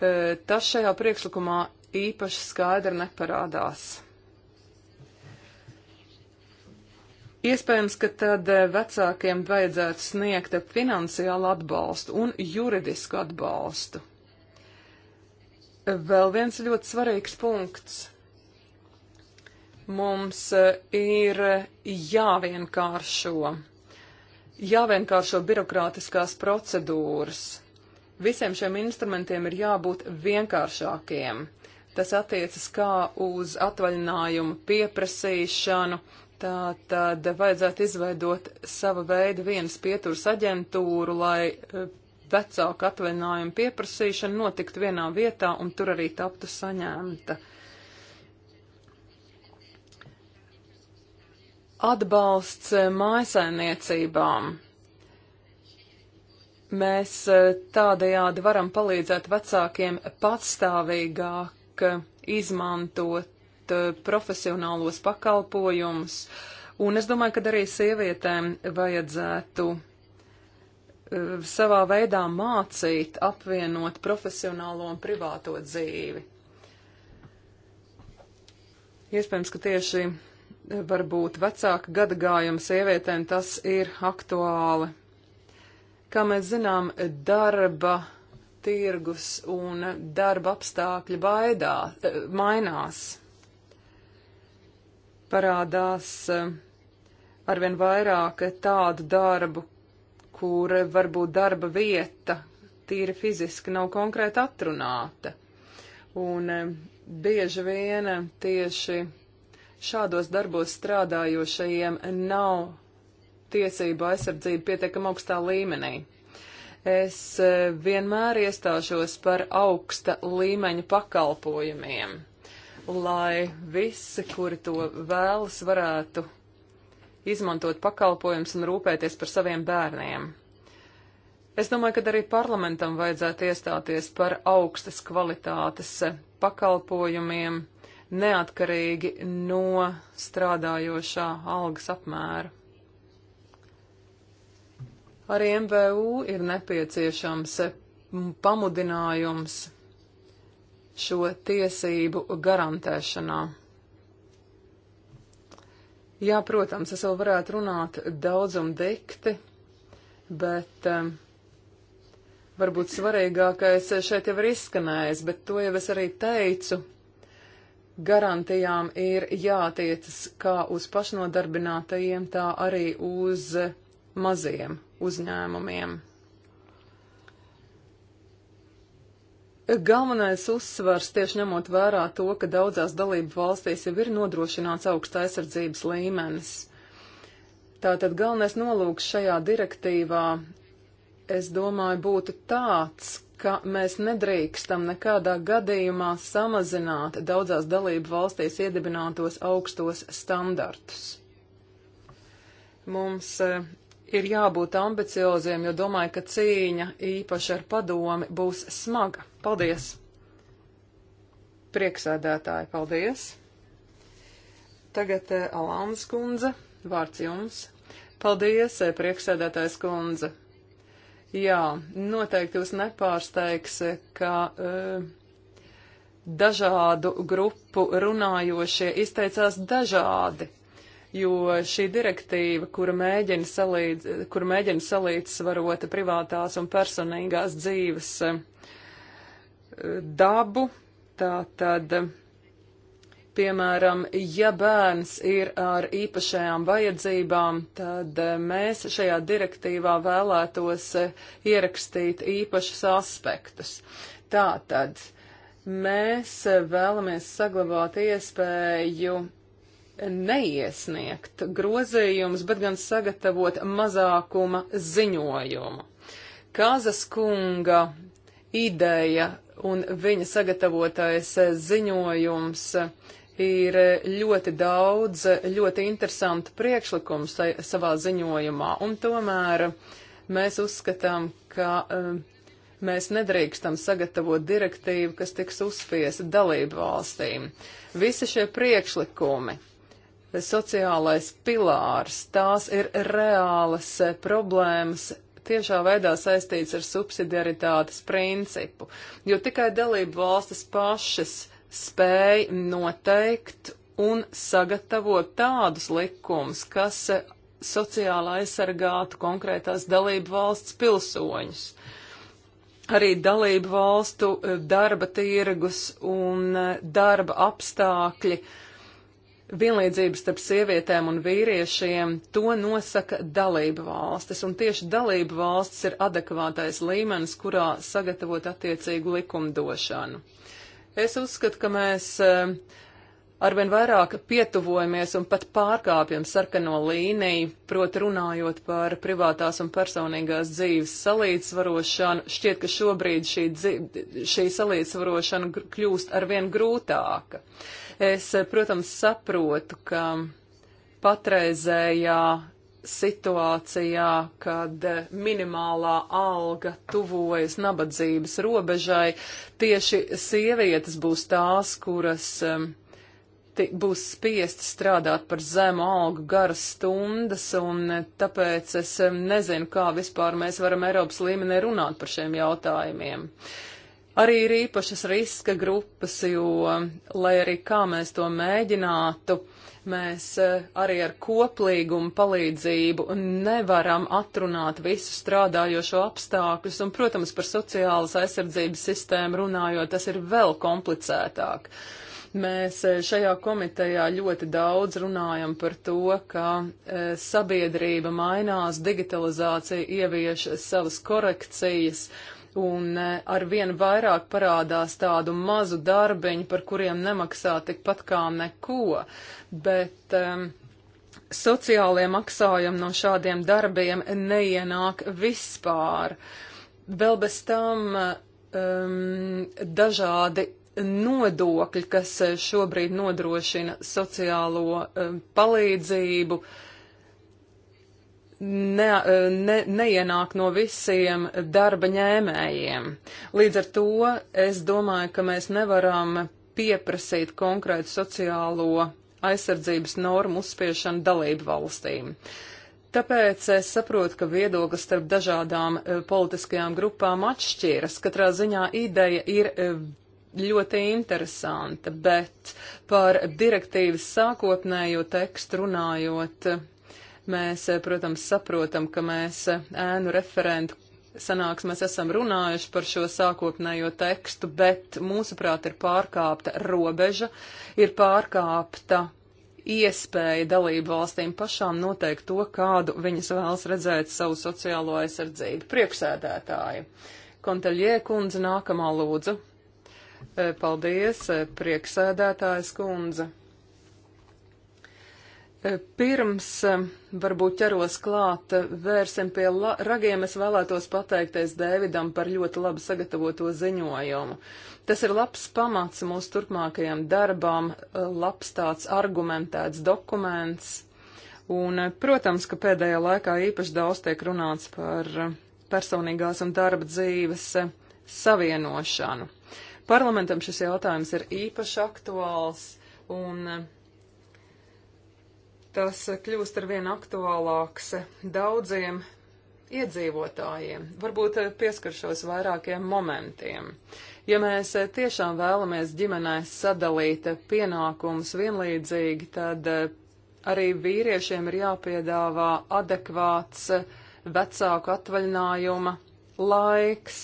[SPEAKER 2] e, tas šajā priekšlikumā īpaši skaidri neparādās. Iespējams, ka tad e, vecākiem vajadzētu sniegt finansiālu atbalstu un juridisku atbalstu. E, vēl viens ļoti svarīgs punkts Mums eh, ir jāvienkāršo, jāvienkāršo birokrātiskās procedūras. Visiem šiem instrumentiem ir jābūt vienkāršākiem. Tas attiecas kā uz atvaļinājumu pieprasīšanu, Tā tad vajadzētu izveidot sava veida vienas pieturas aģentūru, lai eh, vecāku atvainājumu pieprasīšana notiktu vienā vietā un tur arī taptu saņemta. Atbalsts eh, mājasainiecībām. Mēs eh, tādējādi varam palīdzēt vecākiem patstāvīgāk eh, izmantot profesionālos pakalpojumus, un es domāju, ka arī sievietēm vajadzētu savā veidā mācīt, apvienot profesionālo un privāto dzīvi. Iespējams, ka tieši varbūt vecāka gada gājuma sievietēm tas ir aktuāli. Kā mēs zinām, darba tirgus un darba apstākļi baidā, eh, mainās. Parādās eh, arvien vairāk tādu darbu, kur varbūt darba vieta tīri fiziski nav konkrēti atrunāta. Un eh, bieži vien tieši šādos darbos strādājošajiem nav tiesību aizsardzība pietiekam augstā līmenī. Es e, vienmēr iestāšos par augsta līmeņa pakalpojumiem, lai visi, kuri to vēlas, varētu izmantot pakalpojumus un rūpēties par saviem bērniem. Es domāju, ka arī parlamentam vajadzētu iestāties par augstas kvalitātes pakalpojumiem, neatkarīgi no strādājošā algas apmēra. Arī MVU ir nepieciešams pamudinājums šo tiesību garantēšanā. Jā, protams, es vēl varētu runāt daudz un dikti, bet um, varbūt svarīgākais šeit jau ir izskanējis, bet to jau es arī teicu garantijām ir jātiecas kā uz pašnodarbinātajiem, tā arī uz maziem uzņēmumiem. Galvenais uzsvars tieši ņemot vērā to, ka daudzās dalību valstīs jau ir nodrošināts augsta aizsardzības līmenis. Tātad galvenais nolūks šajā direktīvā, es domāju, būtu tāds, ka mēs nedrīkstam nekādā gadījumā samazināt daudzās dalību valstīs iedibinātos augstos standartus. Mums e, ir jābūt ambicioziem, jo domāju, ka cīņa īpaši ar padomi būs smaga. Paldies! Prieksēdētāji, paldies! Tagad e, Alānas kundze, vārds jums. Paldies, e, prieksēdētājs kundze! Jā, noteikti jūs nepārsteigs, ka. Uh, dažādu grupu runājošie izteicās dažādi, jo šī direktīva, kura mēģina, salīdz, kura mēģina salīdzsvarot privātās un personīgās dzīves eh, dabu, tā tad Piemēram, ja bērns ir ar īpašajām vajadzībām, tad eh, mēs šajā direktīvā vēlētos eh, ierakstīt īpašus aspektus. Tātad mēs eh, vēlamies saglabāt iespēju neiesniegt grozījumus, bet gan sagatavot mazākuma ziņojumu. Kazas kunga ideja un viņa sagatavotais ziņojums ir ļoti daudz ļoti interesantu priekšlikumu sa savā ziņojumā, un tomēr mēs uzskatām, ka um, mēs nedrīkstam sagatavot direktīvu, kas tiks uzspiesta dalību valstīm. Visi šie priekšlikumi, sociālais pilārs, tās ir reālas eh, problēmas tiešā veidā saistīts ar subsidiaritātes principu, jo tikai dalību valstis pašas spēj noteikt un sagatavot tādus likumus, kas sociāli aizsargātu konkrētās dalību valsts pilsoņus. Arī dalību valstu eh, darba tirgus un eh, darba apstākļi, vienlīdzības starp sievietēm un vīriešiem, to nosaka dalību valstis, un tieši dalību valstis ir adekvātais līmenis, kurā sagatavot attiecīgu likumdošanu. Uh, Es uzskatu, ka mēs eh, arvien vairāk pietuvojamies un pat pārkāpjam sarkano līniju, proti runājot par privātās un personīgās dzīves salīdzvarošanu. Šķiet, ka šobrīd šī, šī salīdzvarošana kļūst arvien grūtāka. Es, eh, protams, saprotu, ka patreizējā situācijā, kad minimālā alga tuvojas nabadzības robežai, tieši sievietes būs tās, kuras um, būs spiest strādāt par zemu algu garas stundas, un tāpēc es um, nezinu, kā vispār mēs varam Eiropas līmenī runāt par šiem jautājumiem. Arī ir īpašas riska grupas, jo, lai arī kā mēs to mēģinātu, uh, Mēs eh, arī ar koplīgumu palīdzību nevaram atrunāt visu strādājošo apstākļus, un, protams, par sociālas aizsardzības sistēmu runājot, tas ir vēl komplicētāk. Mēs eh, šajā komitejā ļoti daudz runājam par to, ka eh, sabiedrība mainās, digitalizācija ievieš savas korekcijas, uh, un e, ar vien vairāk parādās tādu mazu darbiņu, par kuriem nemaksā tikpat kā neko, bet um, sociālie maksājumi no šādiem darbiem neienāk vispār. Vēl bez tam um, dažādi nodokļi, kas šobrīd nodrošina sociālo um, palīdzību, uh, ne, ne, neienāk no visiem darba ņēmējiem. Līdz ar to es domāju, ka mēs nevaram pieprasīt konkrētu sociālo aizsardzības normu uzspiešanu dalību valstīm. Tāpēc es saprotu, ka viedoklis starp dažādām e, politiskajām grupām atšķiras. Katrā ziņā ideja ir e, ļoti interesanta, bet par direktīvas sākotnējo tekstu runājot, Mēs, eh, protams, saprotam, ka mēs eh, ēnu referentu sanāksmēs esam runājuši par šo sākotnējo tekstu, bet mūsuprāt ir pārkāpta robeža, ir pārkāpta iespēja dalību valstīm pašām noteikt to, kādu viņas vēlas redzēt savu sociālo aizsardzību. Priekšsēdētāji. Kontaļie kundze nākamā lūdzu. Eh, paldies, prieksēdētājs kundze. Eh, pirms eh, varbūt ķeros klāt eh, vērsim pie ragiem, es vēlētos pateikties Dēvidam par ļoti labi sagatavoto ziņojumu. Tas ir labs pamats mūsu turpmākajam darbam, labs tāds argumentēts dokuments. Un, protams, ka pēdējā laikā īpaši daudz tiek runāts par personīgās un darba dzīves savienošanu. Parlamentam šis jautājums ir īpaši aktuāls un Tas kļūst ar vien aktuālāks daudziem iedzīvotājiem. Varbūt pieskaršos vairākiem momentiem. Ja mēs tiešām vēlamies ģimenēs sadalīt pienākumus vienlīdzīgi, tad arī vīriešiem ir jāpiedāvā adekvāts vecāku atvaļinājuma laiks.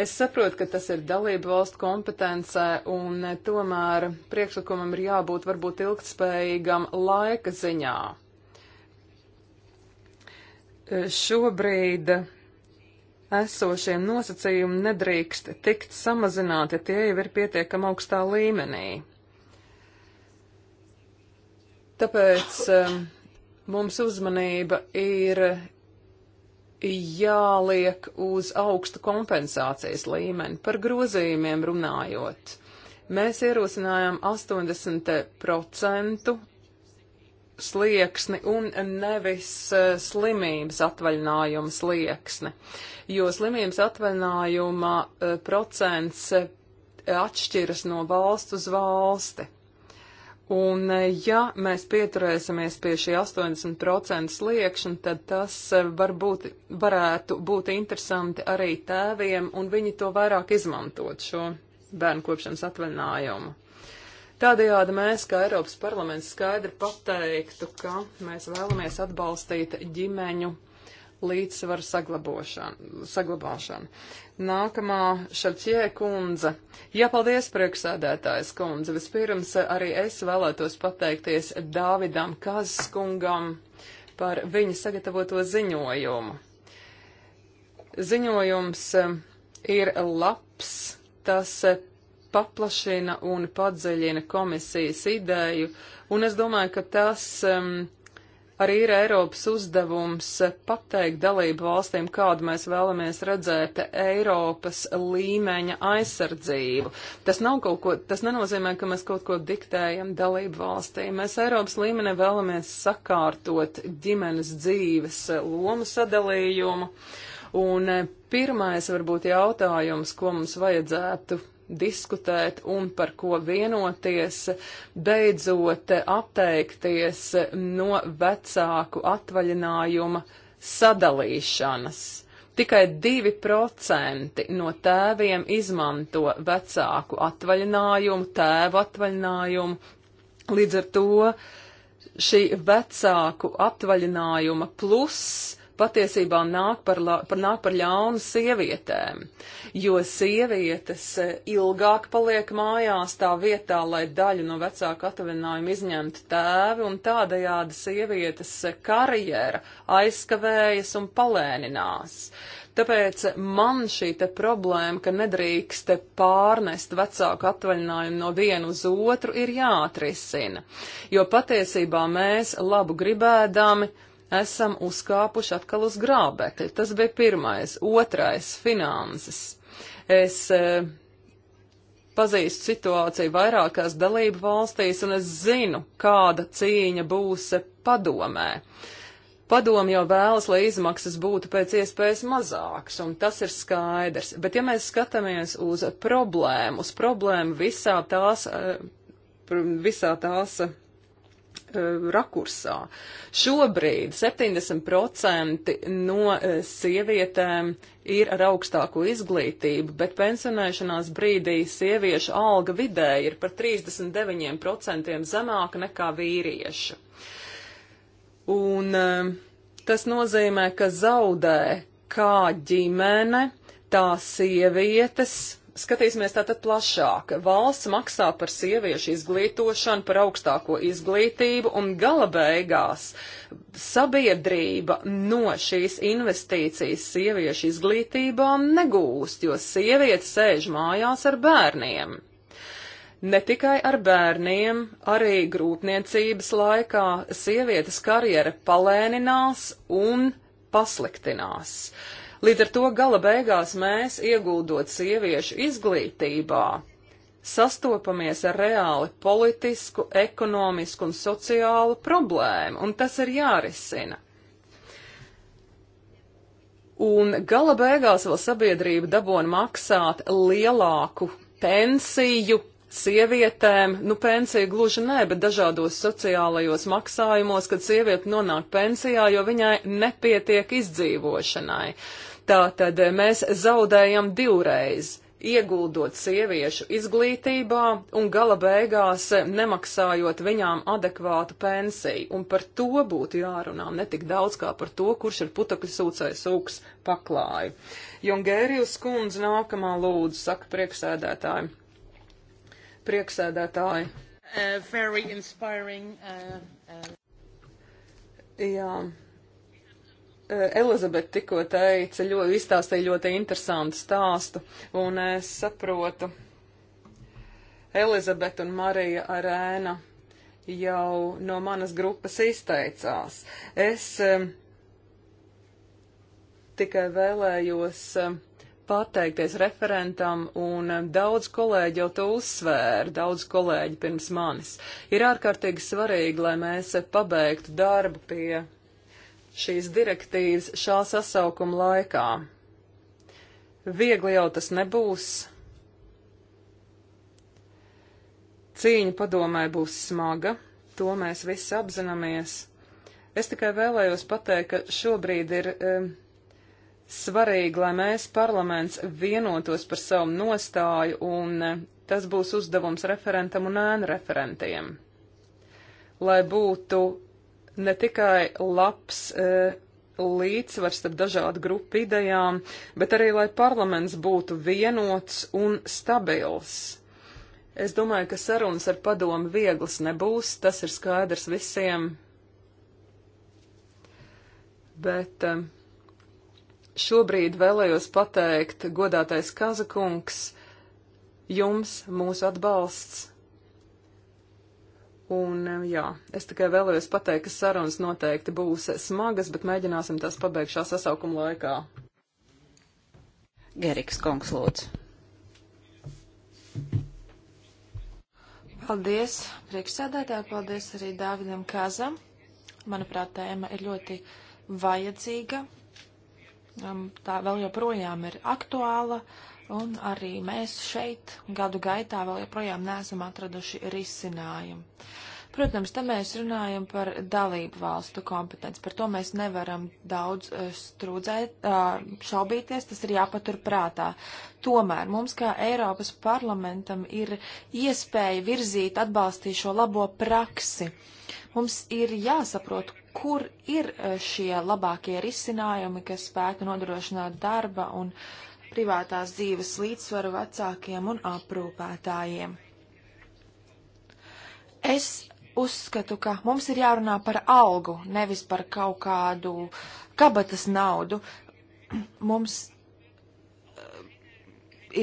[SPEAKER 2] Es saprotu, ka tas ir dalību valstu kompetencē, un eh, tomēr priekšlikumam ir jābūt varbūt ilgtspējīgam laika ziņā. Eh, šobrīd esošie nosacījumi nedrīkst tikt samazināti, ja tie jau ir pietiekam augstā līmenī. Tāpēc eh, mums uzmanība ir jāliek uz augstu kompensācijas līmeni, par grozījumiem runājot. Mēs ierosinājām 80% slieksni un nevis eh, slimības atvaļinājuma slieksni, jo slimības atvaļinājuma eh, procents eh, atšķiras no valsts uz valsti. Un eh, ja mēs pieturēsimies pie šī 80% sliekšņa, tad tas eh, varbūt varētu būt interesanti arī tēviem, un viņi to vairāk izmantot šo bērnu kopšanas atvaļinājumu. Tādējādi mēs, kā Eiropas parlaments, skaidri pateiktu, ka mēs vēlamies atbalstīt ģimeņu līdzsvaru saglabāšanu. Nākamā Šarķie kundze. Jā, paldies, priekšsēdētājs kundze. Vispirms arī es vēlētos pateikties Dāvidam Kazskungam par viņa sagatavoto ziņojumu. Ziņojums um, ir labs, tas uh, paplašina un padziļina komisijas ideju, un es domāju, ka tas um, arī ir Eiropas uzdevums pateikt dalību valstīm, kādu mēs vēlamies redzēt Eiropas līmeņa aizsardzību. Tas, nav kaut ko, tas nenozīmē, ka mēs kaut ko diktējam dalību valstīm. Mēs Eiropas līmenī vēlamies sakārtot ģimenes dzīves lomu sadalījumu. Un eh, pirmais varbūt jautājums, ko mums vajadzētu diskutēt un par ko vienoties, beidzot atteikties no vecāku atvaļinājuma sadalīšanas. Tikai 2% no tēviem izmanto vecāku atvaļinājumu, tēvu atvaļinājumu. Līdz ar to šī vecāku atvaļinājuma pluss patiesībā nāk par, la, par, nāk par ļaunu sievietēm, jo sievietes eh, ilgāk paliek mājās tā vietā, lai daļu no vecāku atvaļinājumu izņemtu tēvi, un tādējādi sievietes eh, karjera aizskavējas un palēninās. Tāpēc man šī te problēma, ka nedrīkst pārnest vecāku atvaļinājumu no vienu uz otru, ir jāatrisina. Jo patiesībā mēs labu gribēdami esam uzkāpuši atkal uz grābekļa. Tas bija pirmais. Otrais - finanses. Es e, pazīstu situāciju vairākās dalību valstīs, un es zinu, kāda cīņa būs padomē. Padomi jau vēlas, lai izmaksas būtu pēc iespējas mazākas, un tas ir skaidrs. Bet ja mēs skatāmies uz problēmu, uz problēmu visā tās, e, visā tās Eh, rakursā. Šobrīd 70% no eh, sievietēm ir ar augstāko izglītību, bet pensionēšanās brīdī sieviešu alga vidēji ir par 39% zemāka nekā vīriešu. Un eh, tas nozīmē, ka zaudē kā ģimene, tā sievietes, skatīsimies tātad plašāk. Valsts maksā par sieviešu izglītošanu, par augstāko izglītību un gala beigās sabiedrība no šīs investīcijas sieviešu izglītībām negūst, jo sieviete sēž mājās ar bērniem. Ne tikai ar bērniem, arī grūtniecības laikā sievietes karjera palēninās un pasliktinās. Uh, Līdz ar to gala beigās mēs, ieguldot sieviešu izglītībā, sastopamies ar reāli politisku, ekonomisku un sociālu problēmu, un tas ir jārisina. Un gala beigās vēl sabiedrība dabona maksāt lielāku pensiju sievietēm, nu pensija gluži nē, bet dažādos sociālajos maksājumos, kad sieviete nonāk pensijā, jo viņai nepietiek izdzīvošanai. Uh, Tātad mēs zaudējam divreiz ieguldot sieviešu izglītībā un gala beigās nemaksājot viņām adekvātu pensiju. Un par to būtu jārunā ne tik daudz kā par to, kurš ir putekļu sūcējs ūks paklāju. Jungērijus kundze nākamā lūdzu, saka prieksēdētāji. Prieksēdētāji. Uh, very inspiring. Uh, uh... Jā. Eh, Elizabete tikko teica, ļoti izstāstīja ļoti interesantu stāstu, un es saprotu, Elizabete un Marija Arēna jau no manas grupas izteicās. Es um, tikai vēlējos um, pateikties referentam, un um, daudz kolēģi jau to uzsvēra, daudz kolēģi pirms manis. Ir ārkārtīgi svarīgi, lai mēs pabeigtu darbu pie šīs direktīvas šā sasaukuma laikā. Viegli jau tas nebūs. Cīņa padomē būs smaga, to mēs visi apzināmies. Es tikai vēlējos pateikt, ka šobrīd ir e, svarīgi, lai mēs parlaments vienotos par savu nostāju, un e, tas būs uzdevums referentam un ēnu referentiem. Lai būtu ne tikai labs e, līdzsvars starp dažādu grupu idejām, bet arī, lai parlaments būtu vienots un stabils. Es domāju, ka sarunas ar padomu vieglas nebūs, tas ir skaidrs visiem. Bet e, šobrīd vēlējos pateikt, godātais Kazakungs, jums mūsu atbalsts Un, eh, jā, es tikai vēlējos pateikt, ka sarunas noteikti būs smagas, bet mēģināsim tās pabeigt šā sasaukuma laikā.
[SPEAKER 1] Geriks Kongs lūdzu.
[SPEAKER 3] Paldies priekšsēdētāji, paldies arī Dāvidam Kazam. Manuprāt, tēma ir ļoti vajadzīga. Um, tā vēl joprojām ir aktuāla. Uh, Un arī mēs šeit gadu gaitā vēl joprojām neesam atraduši risinājumu. Protams, te mēs runājam par dalību valstu kompetenci. Par to mēs nevaram daudz eh, strūdzēt, eh, šaubīties, tas ir jāpatur prātā. Tomēr mums, kā Eiropas parlamentam, ir iespēja virzīt atbalstīšo labo praksi. Mums ir jāsaprot, kur ir eh, šie labākie risinājumi, kas spētu nodrošināt darba un uh, privātās dzīves līdzsvaru vecākiem un aprūpētājiem. Es uzskatu, ka mums ir jārunā par algu, nevis par kaut kādu kabatas naudu. *clears throat* Mums eh,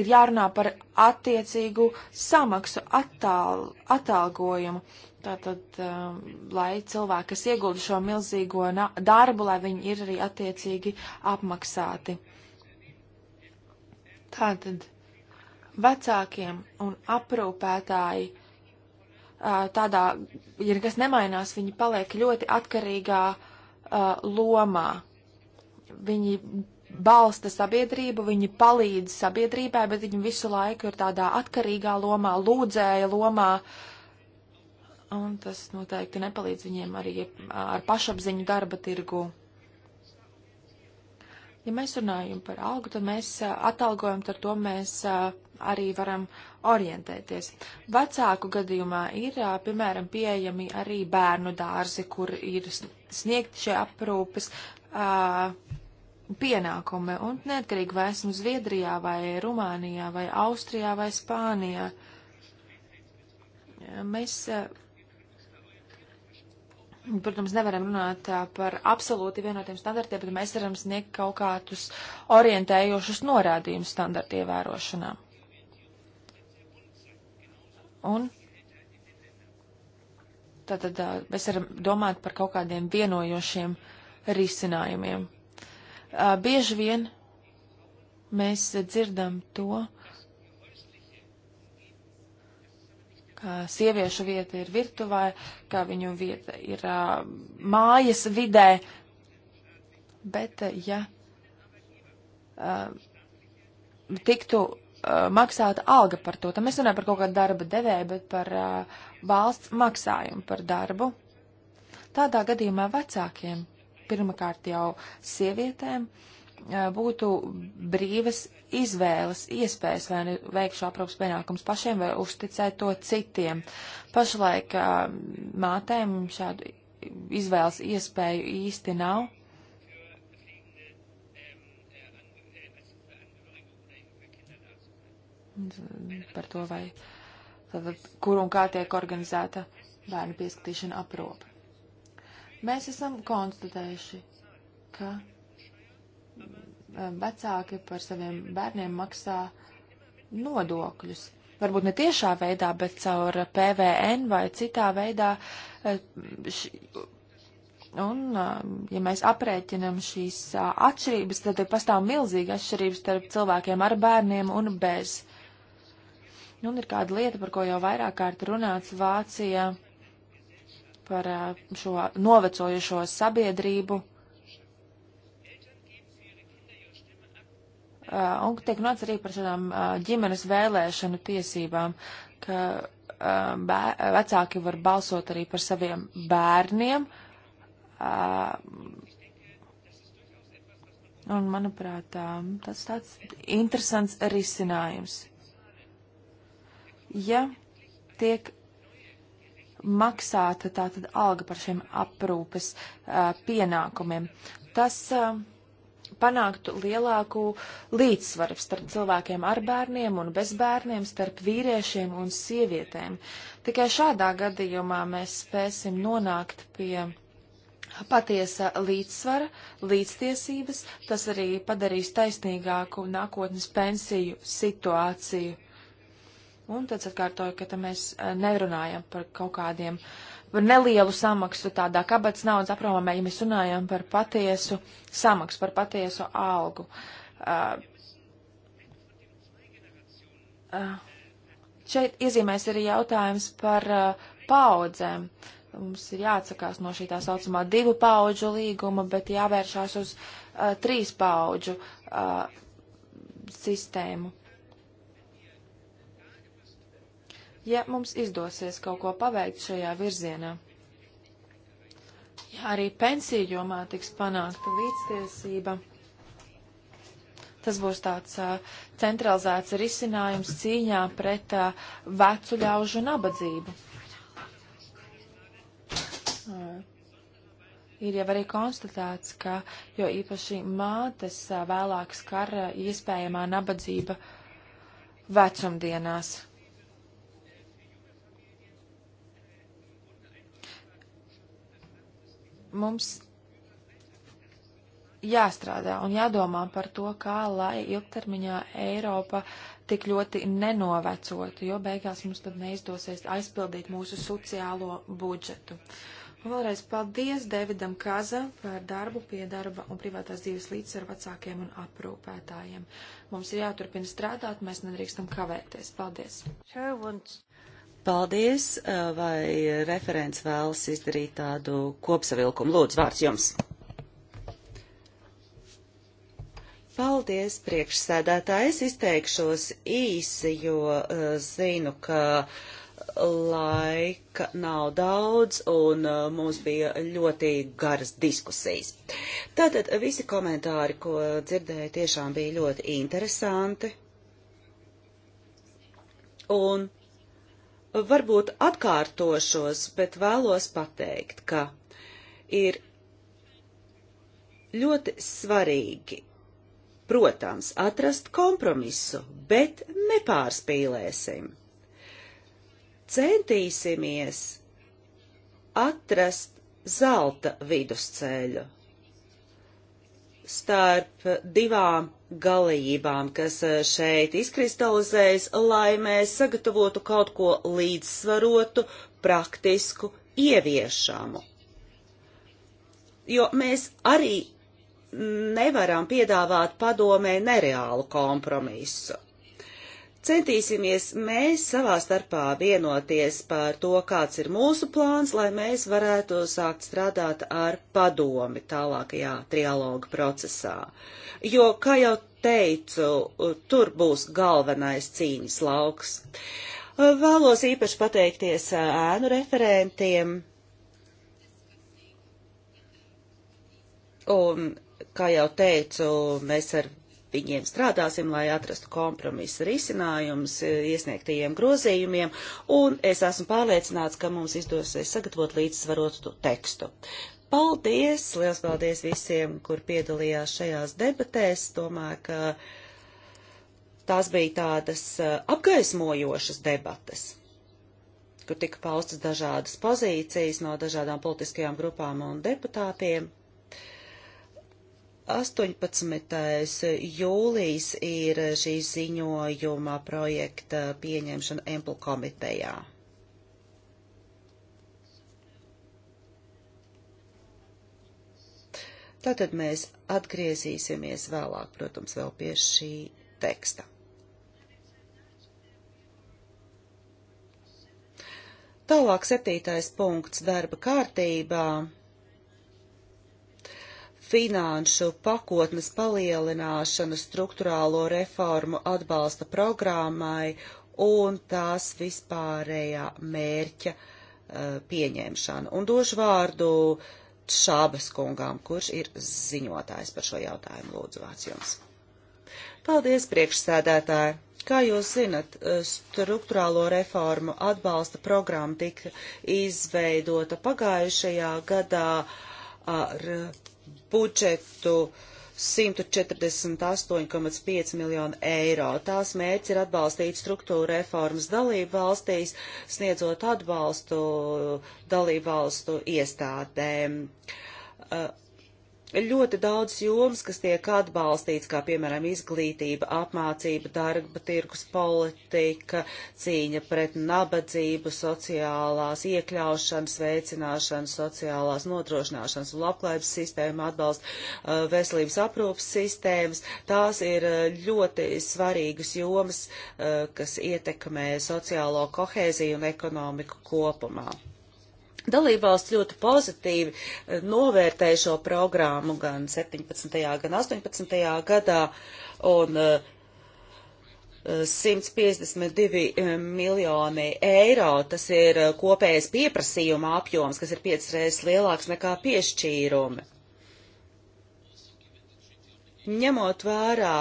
[SPEAKER 3] ir jārunā par attiecīgu samaksu attāl, atalgojumu. Tātad, um, lai cilvēki, kas iegulda šo milzīgo darbu, lai viņi ir arī attiecīgi apmaksāti. Uh, Tātad vecākiem un aprūpētāji tādā, ja nekas nemainās, viņi paliek ļoti atkarīgā uh, lomā. Viņi balsta sabiedrību, viņi palīdz sabiedrībai, bet viņi visu laiku ir tādā atkarīgā lomā, lūdzēja lomā. Un tas noteikti nepalīdz viņiem arī ar pašapziņu darba tirgu. Ja mēs runājam par algu, tad mēs atalgojam, ar to mēs arī varam orientēties. Vecāku gadījumā ir, piemēram, pieejami arī bērnu dārzi, kur ir sniegti šie aprūpes pienākumi, un neatkarīgi vai esmu Zviedrijā, vai Rumānijā, vai Austrijā, vai Spānijā. Mēs protams, nevaram runāt par absolūti vienotiem standartiem, bet mēs varam sniegt kaut kādus orientējošus norādījumus standartu ievērošanā. Un tātad mēs varam domāt par kaut kādiem vienojošiem risinājumiem. Bieži vien mēs dzirdam to, ka sieviešu vieta ir virtuvē, ka viņu vieta ir uh, mājas vidē. Bet, ja uh, tiktu uh, maksāta alga par to, tad mēs runājam par kaut kādu darba devēju, bet par uh, valsts maksājumu par darbu. Tādā gadījumā vecākiem, pirmkārt jau sievietēm, uh, būtu brīvas izvēles iespējas, vai nu veikšu aprūpas pienākums pašiem, vai uzticēt to citiem. Pašlaik mātēm šādu izvēles iespēju īsti nav. Par to, vai tātad, kur un kā tiek organizēta bērnu pieskatīšana aprūpa. Mēs esam konstatējuši, ka Um, vecāki par saviem bērniem maksā nodokļus. Varbūt ne tiešā veidā, bet caur PVN vai citā veidā. Uh, un, um, ja mēs aprēķinam šīs uh, atšķirības, tad pastāv milzīga atšķirības starp cilvēkiem ar bērniem un bez. Un ir kāda lieta, par ko jau vairāk kārt runāts Vācijā, par uh, šo novecojušo sabiedrību, Uh, un tiek runāts arī par tādām uh, ģimenes vēlēšanu tiesībām, ka uh, bē, vecāki var balsot arī par saviem bērniem. Un, manuprāt, tas tāds interesants risinājums. Ja tiek maksāta tātad alga par šiem aprūpes pienākumiem, tas uh, panāktu lielāku līdzsvaru starp cilvēkiem ar bērniem un bez bērniem, starp vīriešiem un sievietēm. Tikai šādā gadījumā mēs spēsim nonākt pie patiesa līdzsvara, līdztiesības, tas arī padarīs taisnīgāku nākotnes pensiju situāciju. Un tad atkārtoju, ka mēs eh, nerunājam par kaut kādiem uh, par nelielu samaksu tādā kabatas naudas apgrozījumā, ja mēs runājam par patiesu samaksu, par patiesu algu. Uh, uh, šeit iezīmēs arī jautājums par uh, paudzēm. Mums ir jāatsakās no šī tā saucamā divu pauģu līguma, bet jāvēršās uz uh, trīs pauģu uh, sistēmu. ja mums izdosies kaut ko paveikt šajā virzienā. Ja arī pensiju jomā tiks panākta līdztiesība, tas būs tāds uh, centralizēts risinājums cīņā pret uh, vecu ļaužu nabadzību. Uh, ir jau arī konstatēts, ka jo īpaši mātes vēlāk skar iespējamā nabadzība vecumdienās. mums jāstrādā un jādomā par to, kā lai ilgtermiņā Eiropa tik ļoti nenovecotu, jo beigās mums tad neizdosies aizpildīt mūsu sociālo budžetu. Un vēlreiz paldies Davidam Kaza par darbu pie darba un privātās dzīves līdzsvaru vecākiem un aprūpētājiem. Mums ir jāturpina strādāt, mēs nedrīkstam kavēties. Paldies!
[SPEAKER 1] Paldies, eh, vai referents vēlas izdarīt tādu kopsavilkumu? Lūdzu, vārds jums. Paldies, priekšsēdētāji. Es izteikšos īsi, jo uh, zinu, ka laika nav daudz un uh, mums bija ļoti garas diskusijas. Tātad visi komentāri, ko dzirdēju, tiešām bija ļoti interesanti. Un varbūt atkārtošos, bet vēlos pateikt, ka ir ļoti svarīgi, protams, atrast kompromisu, bet nepārspīlēsim. Centīsimies atrast zelta vidusceļu starp divām galībām, kas eh, šeit izkristalizējas, lai mēs sagatavotu kaut ko līdzsvarotu, praktisku, ieviešamu. Jo mēs arī nevaram piedāvāt padomē nereālu kompromisu. Centīsimies mēs savā starpā vienoties par to, kāds ir mūsu plāns, lai mēs varētu sākt strādāt ar padomi tālākajā trialoga procesā. Jo, kā jau teicu, tur būs galvenais cīņas lauks. Vēlos īpaši pateikties ēnu referentiem. Un, kā jau teicu, mēs ar viņiem strādāsim, lai atrastu kompromisa risinājums e, iesniegtajiem grozījumiem, un es esmu pārliecināts, ka mums izdosies sagatavot līdzsvarotu tekstu. Paldies! Liels paldies visiem, kur piedalījās šajās debatēs. Domāju, ka tās bija tādas e, apgaismojošas debatas kur tika paustas dažādas pozīcijas no dažādām politiskajām grupām un deputātiem. 18. jūlijs ir šī ziņojuma projekta pieņemšana Emplu komitejā. Tātad mēs atgriezīsimies vēlāk, protams, vēl pie šī teksta. Tālāk septītais punkts darba kārtībā finanšu pakotnes palielināšanu struktūrālo reformu atbalsta programmai un tās vispārējā mērķa uh, pieņemšanu. Un došu vārdu Šābas kungām, kurš ir ziņotājs par šo jautājumu. Lūdzu, vārds jums. Paldies, priekšsēdētāji! Kā jūs zinat, eh, struktūrālo reformu atbalsta programma tika izveidota pagājušajā gadā ar budžetu 148,5 miljonu eiro. Tās mērķis ir atbalstīt struktūra reformas dalību valstīs, sniedzot atbalstu dalību valstu iestādēm. Uh, ļoti daudz jomas, kas tiek atbalstīts, kā piemēram izglītība, apmācība, darba tirkus politika, cīņa pret nabadzību, sociālās iekļaušanas, veicināšana, sociālās nodrošināšanas un labklājības sistēma, atbalsta uh, veselības aprūpas sistēmas. Tās ir uh, ļoti svarīgas jomas, uh, kas ietekmē sociālo kohēziju un ekonomiku kopumā. Dalībvalsts ļoti pozitīvi eh, novērtēja šo programmu gan 17. gan 18. gadā, un 152 eh, eh, miljoni eiro, tas ir kopējais pieprasījuma apjoms, kas ir piecas reizes lielāks nekā piešķīrumi. Ņemot vērā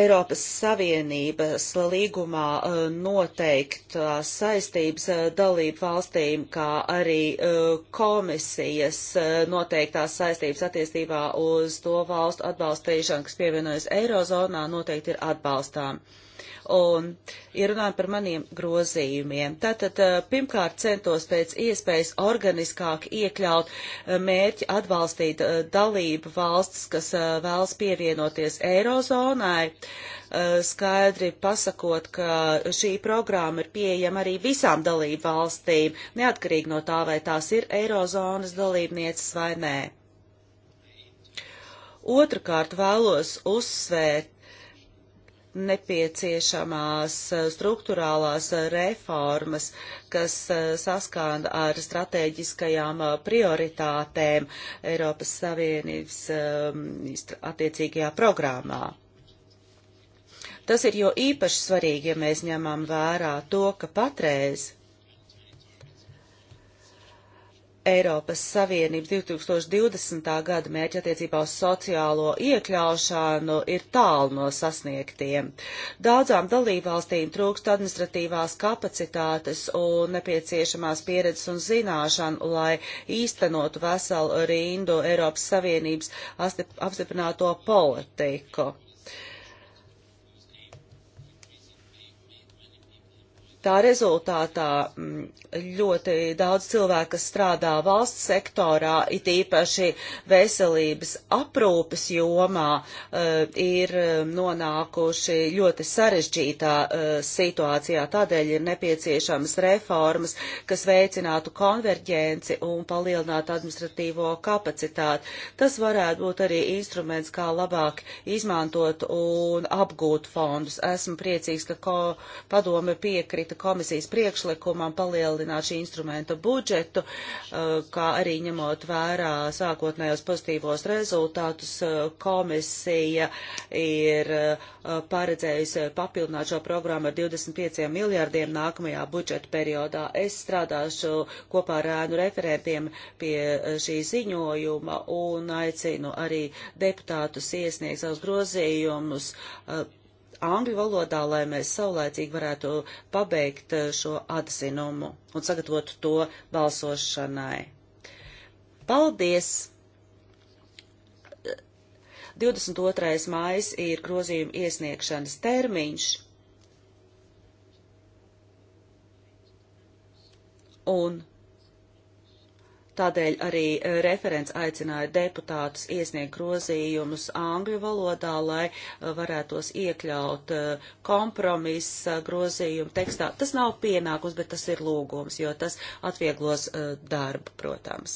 [SPEAKER 1] Eiropas Savienības līgumā e, noteiktās saistības e, dalību valstīm, kā arī e, komisijas noteiktās saistības attiestībā uz to valstu atbalstīšanu, kas pievienojas Eirozonā, noteikti ir atbalstām un ir runājumi par maniem grozījumiem. Tātad eh, pirmkārt centos pēc iespējas organiskāk iekļaut eh, mērķi atbalstīt eh, dalību valsts, kas vēlas pievienoties Eirozonai skaidri pasakot, ka šī programma ir pieejama arī visām dalību valstīm, neatkarīgi no tā, vai tās ir Eirozonas dalībnieces vai nē. Otrakārt vēlos uzsvērt nepieciešamās eh, struktūrālās eh, reformas, kas eh, saskana ar strateģiskajām prioritātēm Eiropas Savienības ehm, attiecīgajā programmā. Tas ir jo īpaši svarīgi, ja mēs ņemam vērā to, ka patreiz Eiropas Savienības 2020. gada mērķi attiecībā uz sociālo iekļaušanu ir tālu no sasniegtiem. Daudzām dalībvalstīm trūkst administratīvās kapacitātes un nepieciešamās pieredzes un zināšanu, lai īstenotu veselu rindu Eiropas Savienības apstiprināto politiku. Tā rezultātā mm, ļoti daudz cilvēku, kas strādā valsts sektorā, it īpaši veselības aprūpes jomā, eh, ir eh, nonākuši ļoti sarežģītā eh, situācijā. Tādēļ ir nepieciešamas reformas, kas veicinātu konverģenci un palielinātu administratīvo kapacitāti. Tas varētu būt arī instruments, kā labāk izmantot un apgūt fondus. Esmu priecīgs, ka ko padome piekrita piekrīta komisijas priekšlikumam palielināt šī instrumenta budžetu, uh, kā arī ņemot vērā sākotnējos pozitīvos rezultātus, uh, komisija ir uh, paredzējusi papildināt šo programmu ar 25 miljārdiem nākamajā budžeta periodā. Es strādāšu kopā ar ēnu referentiem pie šī ziņojuma un aicinu arī deputātus iesniegt savus grozījumus. Uh, angļu valodā, lai mēs saulēcīgi varētu pabeigt eh, šo atzinumu un sagatavot to balsošanai. Paldies! 22. mājas ir grozījuma iesniegšanas termiņš. Un Tādēļ arī e, referents aicināja deputātus iesniegt grozījumus angļu valodā, lai e, varētos iekļaut e, kompromisa grozījumu tekstā. Tas nav pienākums, bet tas ir lūgums, jo tas atvieglos darbu, protams.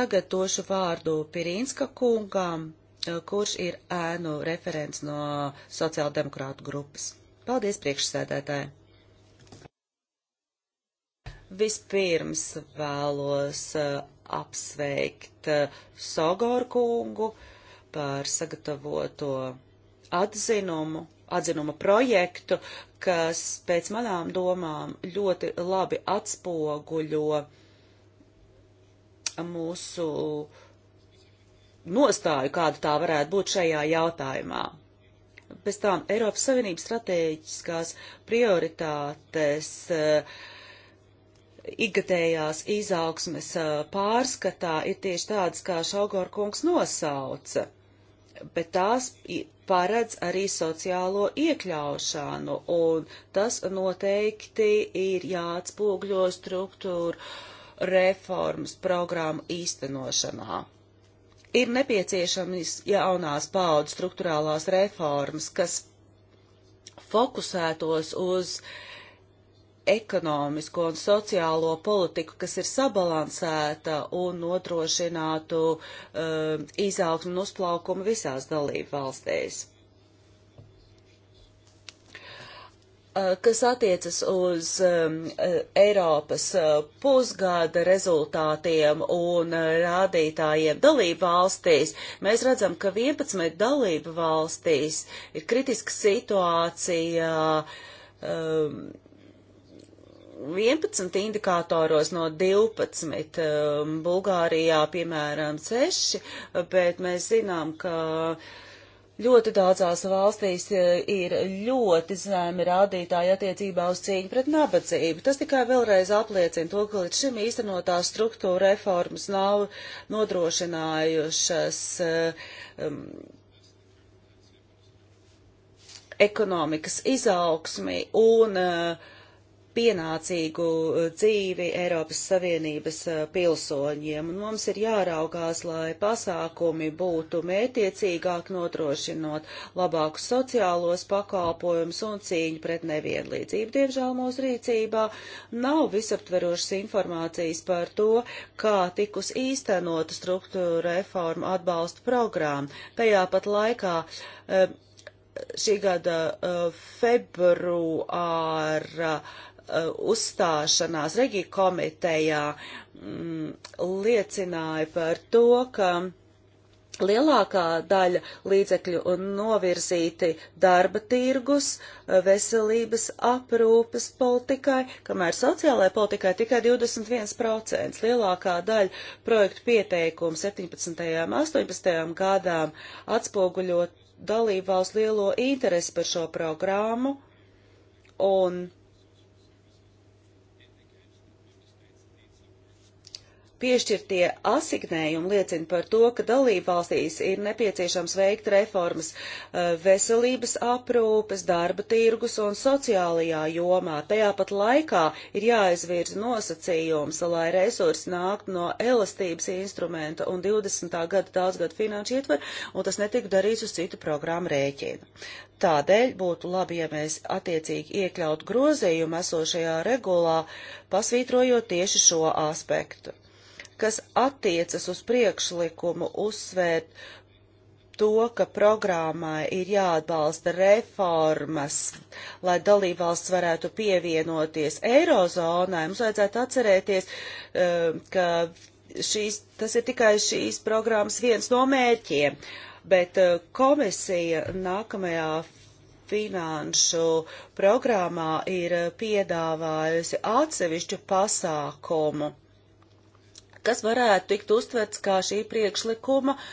[SPEAKER 1] Tagad došu vārdu Pirīnska kungam, kurš ir ēnu referents no sociāldemokrātu grupas. Paldies priekšsēdētāji! Vispirms vēlos eh, apsveikt eh, Sogoru kungu par sagatavoto atzinumu, atzinuma projektu, kas pēc manām domām ļoti labi atspoguļo mūsu nostāju, kāda tā varētu būt šajā jautājumā. Bez tām Eiropas Savienības stratēģiskās prioritātes uh, ikgadējās izaugsmes pārskatā ir tieši tādas, kā Šaugor kungs nosauca, bet tās paredz arī sociālo iekļaušanu, un tas noteikti ir jāatspūgļo struktūru reformas programmu īstenošanā. Ir nepieciešamas jaunās paudzes struktūrālās reformas, kas fokusētos uz uh, ekonomisko un sociālo politiku, kas ir sabalansēta un nodrošinātu uh, izaugsmu un uzplaukumu visās dalību valstīs. Uh, kas attiecas uz um, uh, Eiropas uh, pusgada rezultātiem un uh, rādītājiem dalību valstīs, mēs redzam, ka 11 dalību valstīs ir kritiska situācija um, 11 indikātoros no 12, um, Bulgārijā piemēram 6, bet mēs zinām, ka ļoti daudzās valstīs e, ir ļoti zemi rādītāji attiecībā uz cīņu pret nabadzību. Tas tikai vēlreiz apliecina to, ka līdz šim īstenotās struktūra reformas nav nodrošinājušas e, um, ekonomikas izaugsmi un uh, pienācīgu eh, dzīvi Eiropas Savienības eh, pilsoņiem, un mums ir jāraugās, lai pasākumi būtu mētiecīgāk notrošinot labākus sociālos pakalpojumus un cīņu pret nevienlīdzību. Diemžēl mūsu rīcībā nav visaptverošas informācijas par to, kā tikus īstenota struktūra reforma atbalsta programma. Tajā pat laikā eh, šī gada februāra Uh, uzstāšanās Regija komitejā mm, liecināja par to, ka Lielākā daļa līdzekļu novirzīti darba tirgus, uh, veselības aprūpes politikai, kamēr sociālajai politikai tikai 21%. Lielākā daļa projektu pieteikumu 17. un 18. gadām atspoguļo dalību valsts lielo interesi par šo programmu un piešķirtie asignējumi liecina par to, ka dalībvalstīs ir nepieciešams veikt reformas eh, veselības aprūpes, darba tirgus un sociālajā jomā. Tajā pat laikā ir jāizvirza nosacījums, lai resursi nāktu no elastības instrumenta un 20. gada daudzgada finanšu ietver, un tas netika darīts uz citu programmu rēķina. Tādēļ būtu labi, ja mēs attiecīgi iekļautu grozījumu esošajā regulā, pasvītrojot tieši šo aspektu kas attiecas uz priekšlikumu uzsvērt to, ka programmai ir jāatbalsta reformas, lai dalībvalsts varētu pievienoties Eirozonai, mums vajadzētu atcerēties, um, ka šīs, tas ir tikai šīs programmas viens no mērķiem, bet uh, komisija nākamajā finanšu programmā ir uh, piedāvājusi atsevišķu pasākumu kas varētu tikt uztverts kā šī priekšlikuma uh,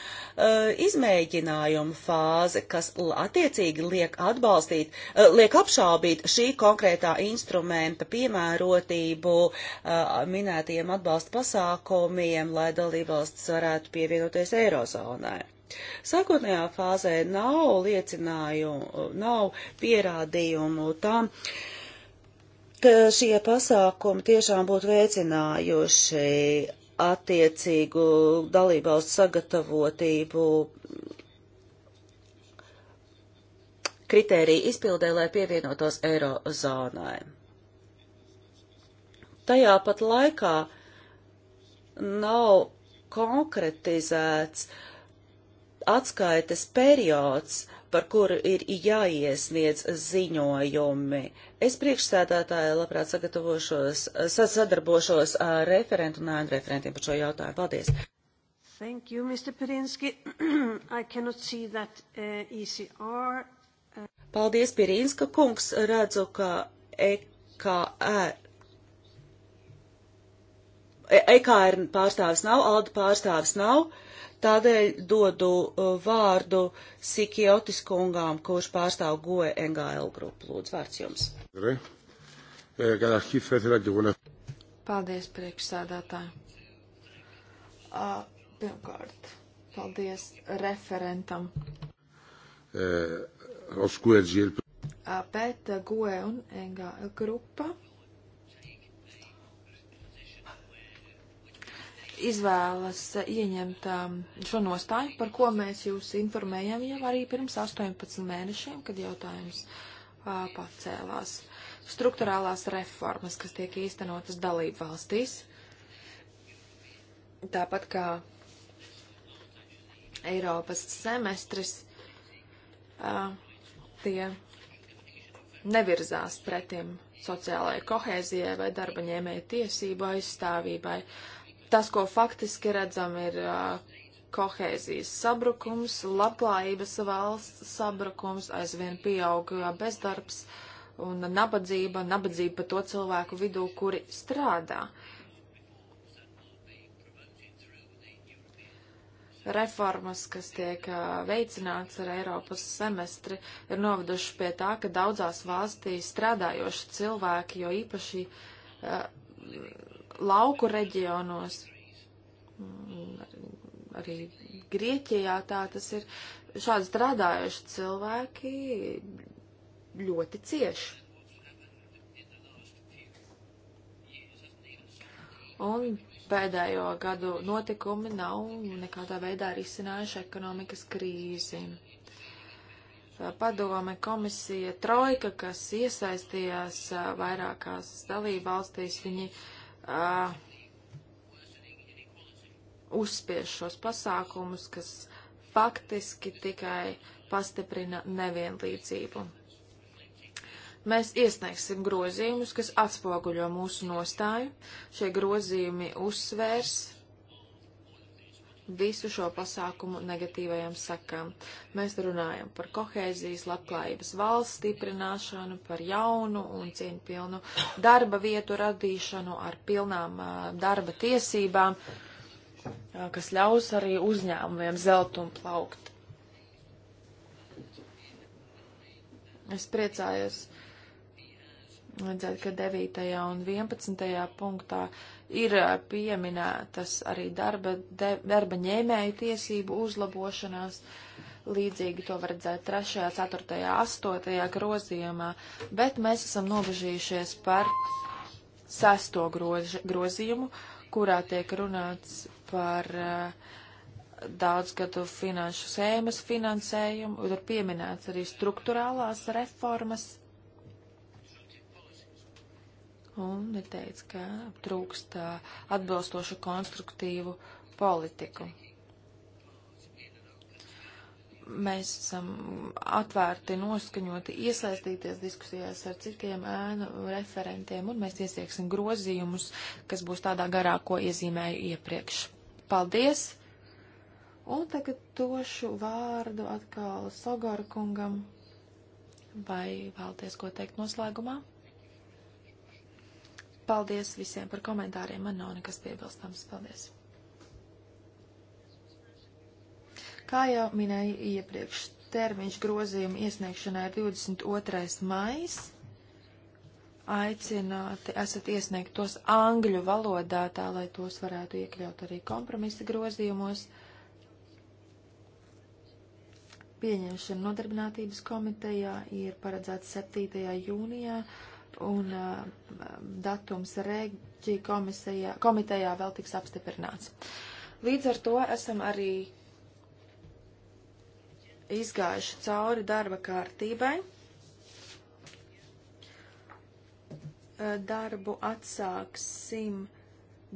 [SPEAKER 1] izmēģinājuma fāze, kas attiecīgi liek atbalstīt, uh, liek apšaubīt šī konkrētā instrumenta piemērotību uh, eh, minētajiem atbalsta pasākumiem, lai dalībvalstis varētu pievienoties Eirozonai. Sākotnējā fāzē nav liecinājumu, nav pierādījumu tam, ka šie pasākumi tiešām būtu veicinājuši attiecīgu dalībvalstu sagatavotību kritēriju izpildē, lai pievienotos eirozonai. Tajā pat laikā nav konkretizēts atskaites periods, uh, par kuru ir jāiesniedz ziņojumi. Es priekšsēdētāju labprāt sagatavošos, sadarbošos ar referentu un ēnu referentiem par šo jautājumu. Paldies!
[SPEAKER 3] Thank you, Mr. Pirinski. *clears throat* I cannot see that uh, ECR. Uh...
[SPEAKER 1] Paldies, Pirinska kungs. Redzu, ka EKR. EKR pārstāvis nav, ALDE pārstāvis nav. Uh, Tādēļ dodu uh, vārdu Sikiotis kungām, kurš pārstāv GOE NGL grupu. Lūdzu, vārds jums. E, e, paldies, priekšsādātāji.
[SPEAKER 3] Pirmkārt, paldies referentam.
[SPEAKER 1] E, Oskuēģi ir.
[SPEAKER 3] Bet GOE un NGL grupa izvēlas ieņemt um, šo nostāju, par ko mēs jūs informējam jau arī pirms 18 mēnešiem, kad jautājums uh, pacēlās. Struktūrālās reformas, kas tiek īstenotas dalību valstīs, tāpat kā Eiropas semestris, uh, tie nevirzās pretim sociālajai kohēzijai vai darba ņēmēja tiesību aizstāvībai. Uh, tas, ko faktiski redzam, ir uh, kohēzijas sabrukums, labklājības valsts sabrukums, aizvien pieaug bezdarbs un nabadzība, nabadzība to cilvēku vidū, kuri strādā. Reformas, kas tiek veicināts ar Eiropas semestri, ir novedušas pie tā, ka daudzās valstīs strādājoši cilvēki, jo īpaši uh, lauku reģionos, mm, arī Grieķijā tā tas ir, šādi strādājuši cilvēki ļoti cieši. Un pēdējo gadu notikumi nav nekādā veidā risinājuši ekonomikas krīzi. Padome komisija Trojka, kas iesaistījās vairākās dalībvalstīs, viņi uh, uh, uzspiež šos pasākumus, kas faktiski tikai pastiprina nevienlīdzību. Mēs iesniegsim grozījumus, kas atspoguļo mūsu nostāju. Šie grozījumi uzsvērs visu šo pasākumu negatīvajām sekām. Mēs runājam par kohēzijas, labklājības valsts stiprināšanu, par jaunu un cieņpilnu darba vietu radīšanu ar pilnām uh, darba tiesībām, uh, kas ļaus arī uzņēmumiem zelt un plaukt. Es priecājos Redzēt, ka 9. un 11. punktā ir pieminētas arī darba, de, darba ņēmēju tiesību uzlabošanās. Līdzīgi to var redzēt 3., 4., 8. grozījumā, bet mēs esam nobežījušies par 6. Grož, grozījumu, kurā tiek runāts par uh, daudzgadu finanšu sēmas finansējumu, tur pieminēts arī struktūrālās reformas un ir teicis, ka trūkst atbilstošu konstruktīvu politiku. Mēs esam atvērti, noskaņoti, iesaistīties diskusijās ar citiem ēnu referentiem, un mēs iesieksim grozījumus, kas būs tādā garā, ko iezīmēju iepriekš. Paldies! Un tagad došu vārdu atkal Sogarkungam. Vai vēlties ko teikt noslēgumā? Paldies visiem par komentāriem. Man nav nekas piebilstams. Paldies. Kā jau minēju iepriekš, termiņš grozījuma iesniegšanai ir 22. maijs. Aicināti esat iesniegt tos angļu valodā, tā lai tos varētu iekļaut arī kompromisa grozījumos. Pieņemšana nodarbinātības komitejā ir paredzēta 7. jūnijā un uh, datums reģi komisijā, komitejā vēl tiks apstiprināts. Līdz ar to esam arī izgājuši cauri darba kārtībai. Uh, darbu atsāksim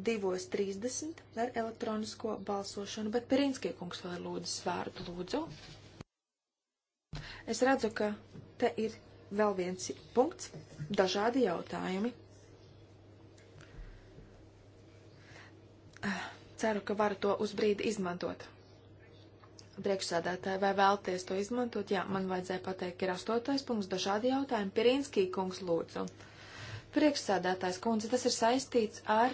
[SPEAKER 3] 2.30 ar elektronisko balsošanu, bet Pirinskie kungs vēl ir lūdzis vārdu lūdzu. Es redzu, ka te ir vēl viens punkts - dažādi jautājumi. Ah, ceru, ka varu to uz brīdi izmantot. Priekšsādātāji, vai vēlties to izmantot? Jā, man vajadzēja pateikt, ka ir astotais punkts - dažādi jautājumi. Pirinskī kungs lūdzu. Priekšsādātājs kundze, tas ir saistīts ar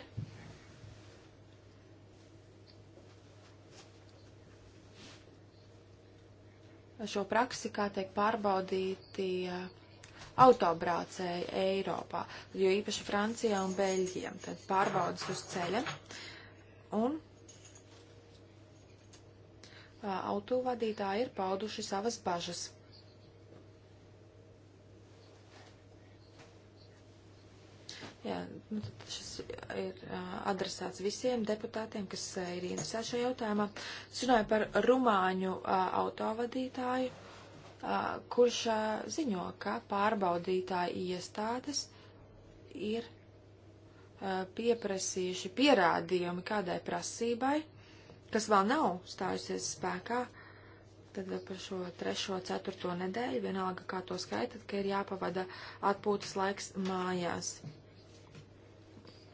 [SPEAKER 3] šo praksi, kā tiek pārbaudīti autobraucēji Eiropā, jo īpaši Francijā un Beļģijā, tad pārbaudas uz ceļa. Un autovadītāji ir pauduši savas bažas. Jā, nu tad šis ir adresēts visiem deputātiem, kas ir interesēti šajā jautājumā. Es runāju par rumāņu autovadītāju kurš ziņo, ka pārbaudītāji iestādes ir pieprasījuši pierādījumi kādai prasībai, kas vēl nav stājusies spēkā, tad par šo trešo, ceturto nedēļu, vienalga kā to skaitat, ka ir jāpavada atpūtas laiks mājās.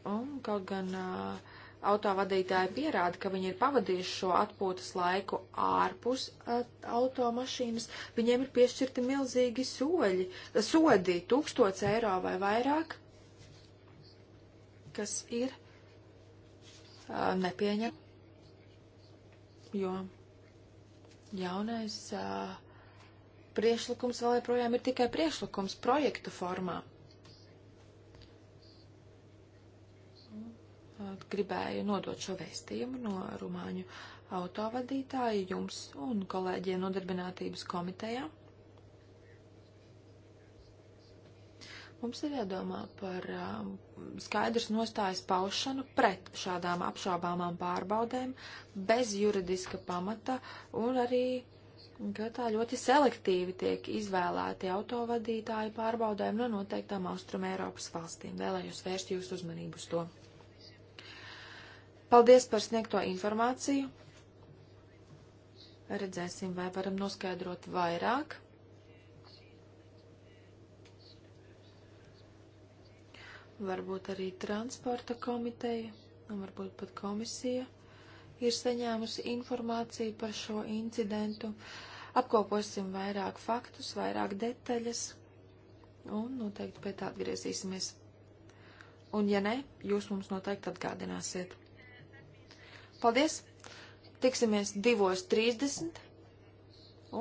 [SPEAKER 3] Un kaut gan uh, autovadītāji pierāda, ka viņi ir pavadījuši šo atpūtas laiku ārpus uh, automašīnas, viņiem ir piešķirti milzīgi soļi, eh, sodi, tūkstots eiro vai vairāk, kas ir uh, nepieņem, jo jaunais uh, priešlikums vēl joprojām ir tikai priešlikums projektu formā. gribēju nodot šo vēstījumu no Rumāņu autovadītāja jums un kolēģiem nodarbinātības komitejā. Mums ir jādomā par um, skaidrs nostājas paušanu pret šādām apšaubāmām pārbaudēm bez juridiska pamata un arī, ka tā ļoti selektīvi tiek izvēlēti autovadītāji pārbaudēm no noteiktām Austrum Eiropas valstīm. Vēlējos vērst jūsu uzmanību uz to. Paldies par sniegto informāciju. Redzēsim, vai varam noskaidrot vairāk. Varbūt arī transporta komiteja un varbūt pat komisija ir saņēmusi informāciju par šo incidentu. Apkoposim vairāk faktus, vairāk detaļas un noteikti pēc tā atgriezīsimies. Un ja ne, jūs mums noteikti atgādināsiet. Paldies! Tiksimies 2.30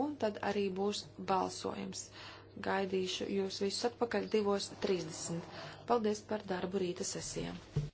[SPEAKER 3] un tad arī būs balsojums. Gaidīšu jūs visus atpakaļ 2.30. Paldies par darbu rīta sesijām!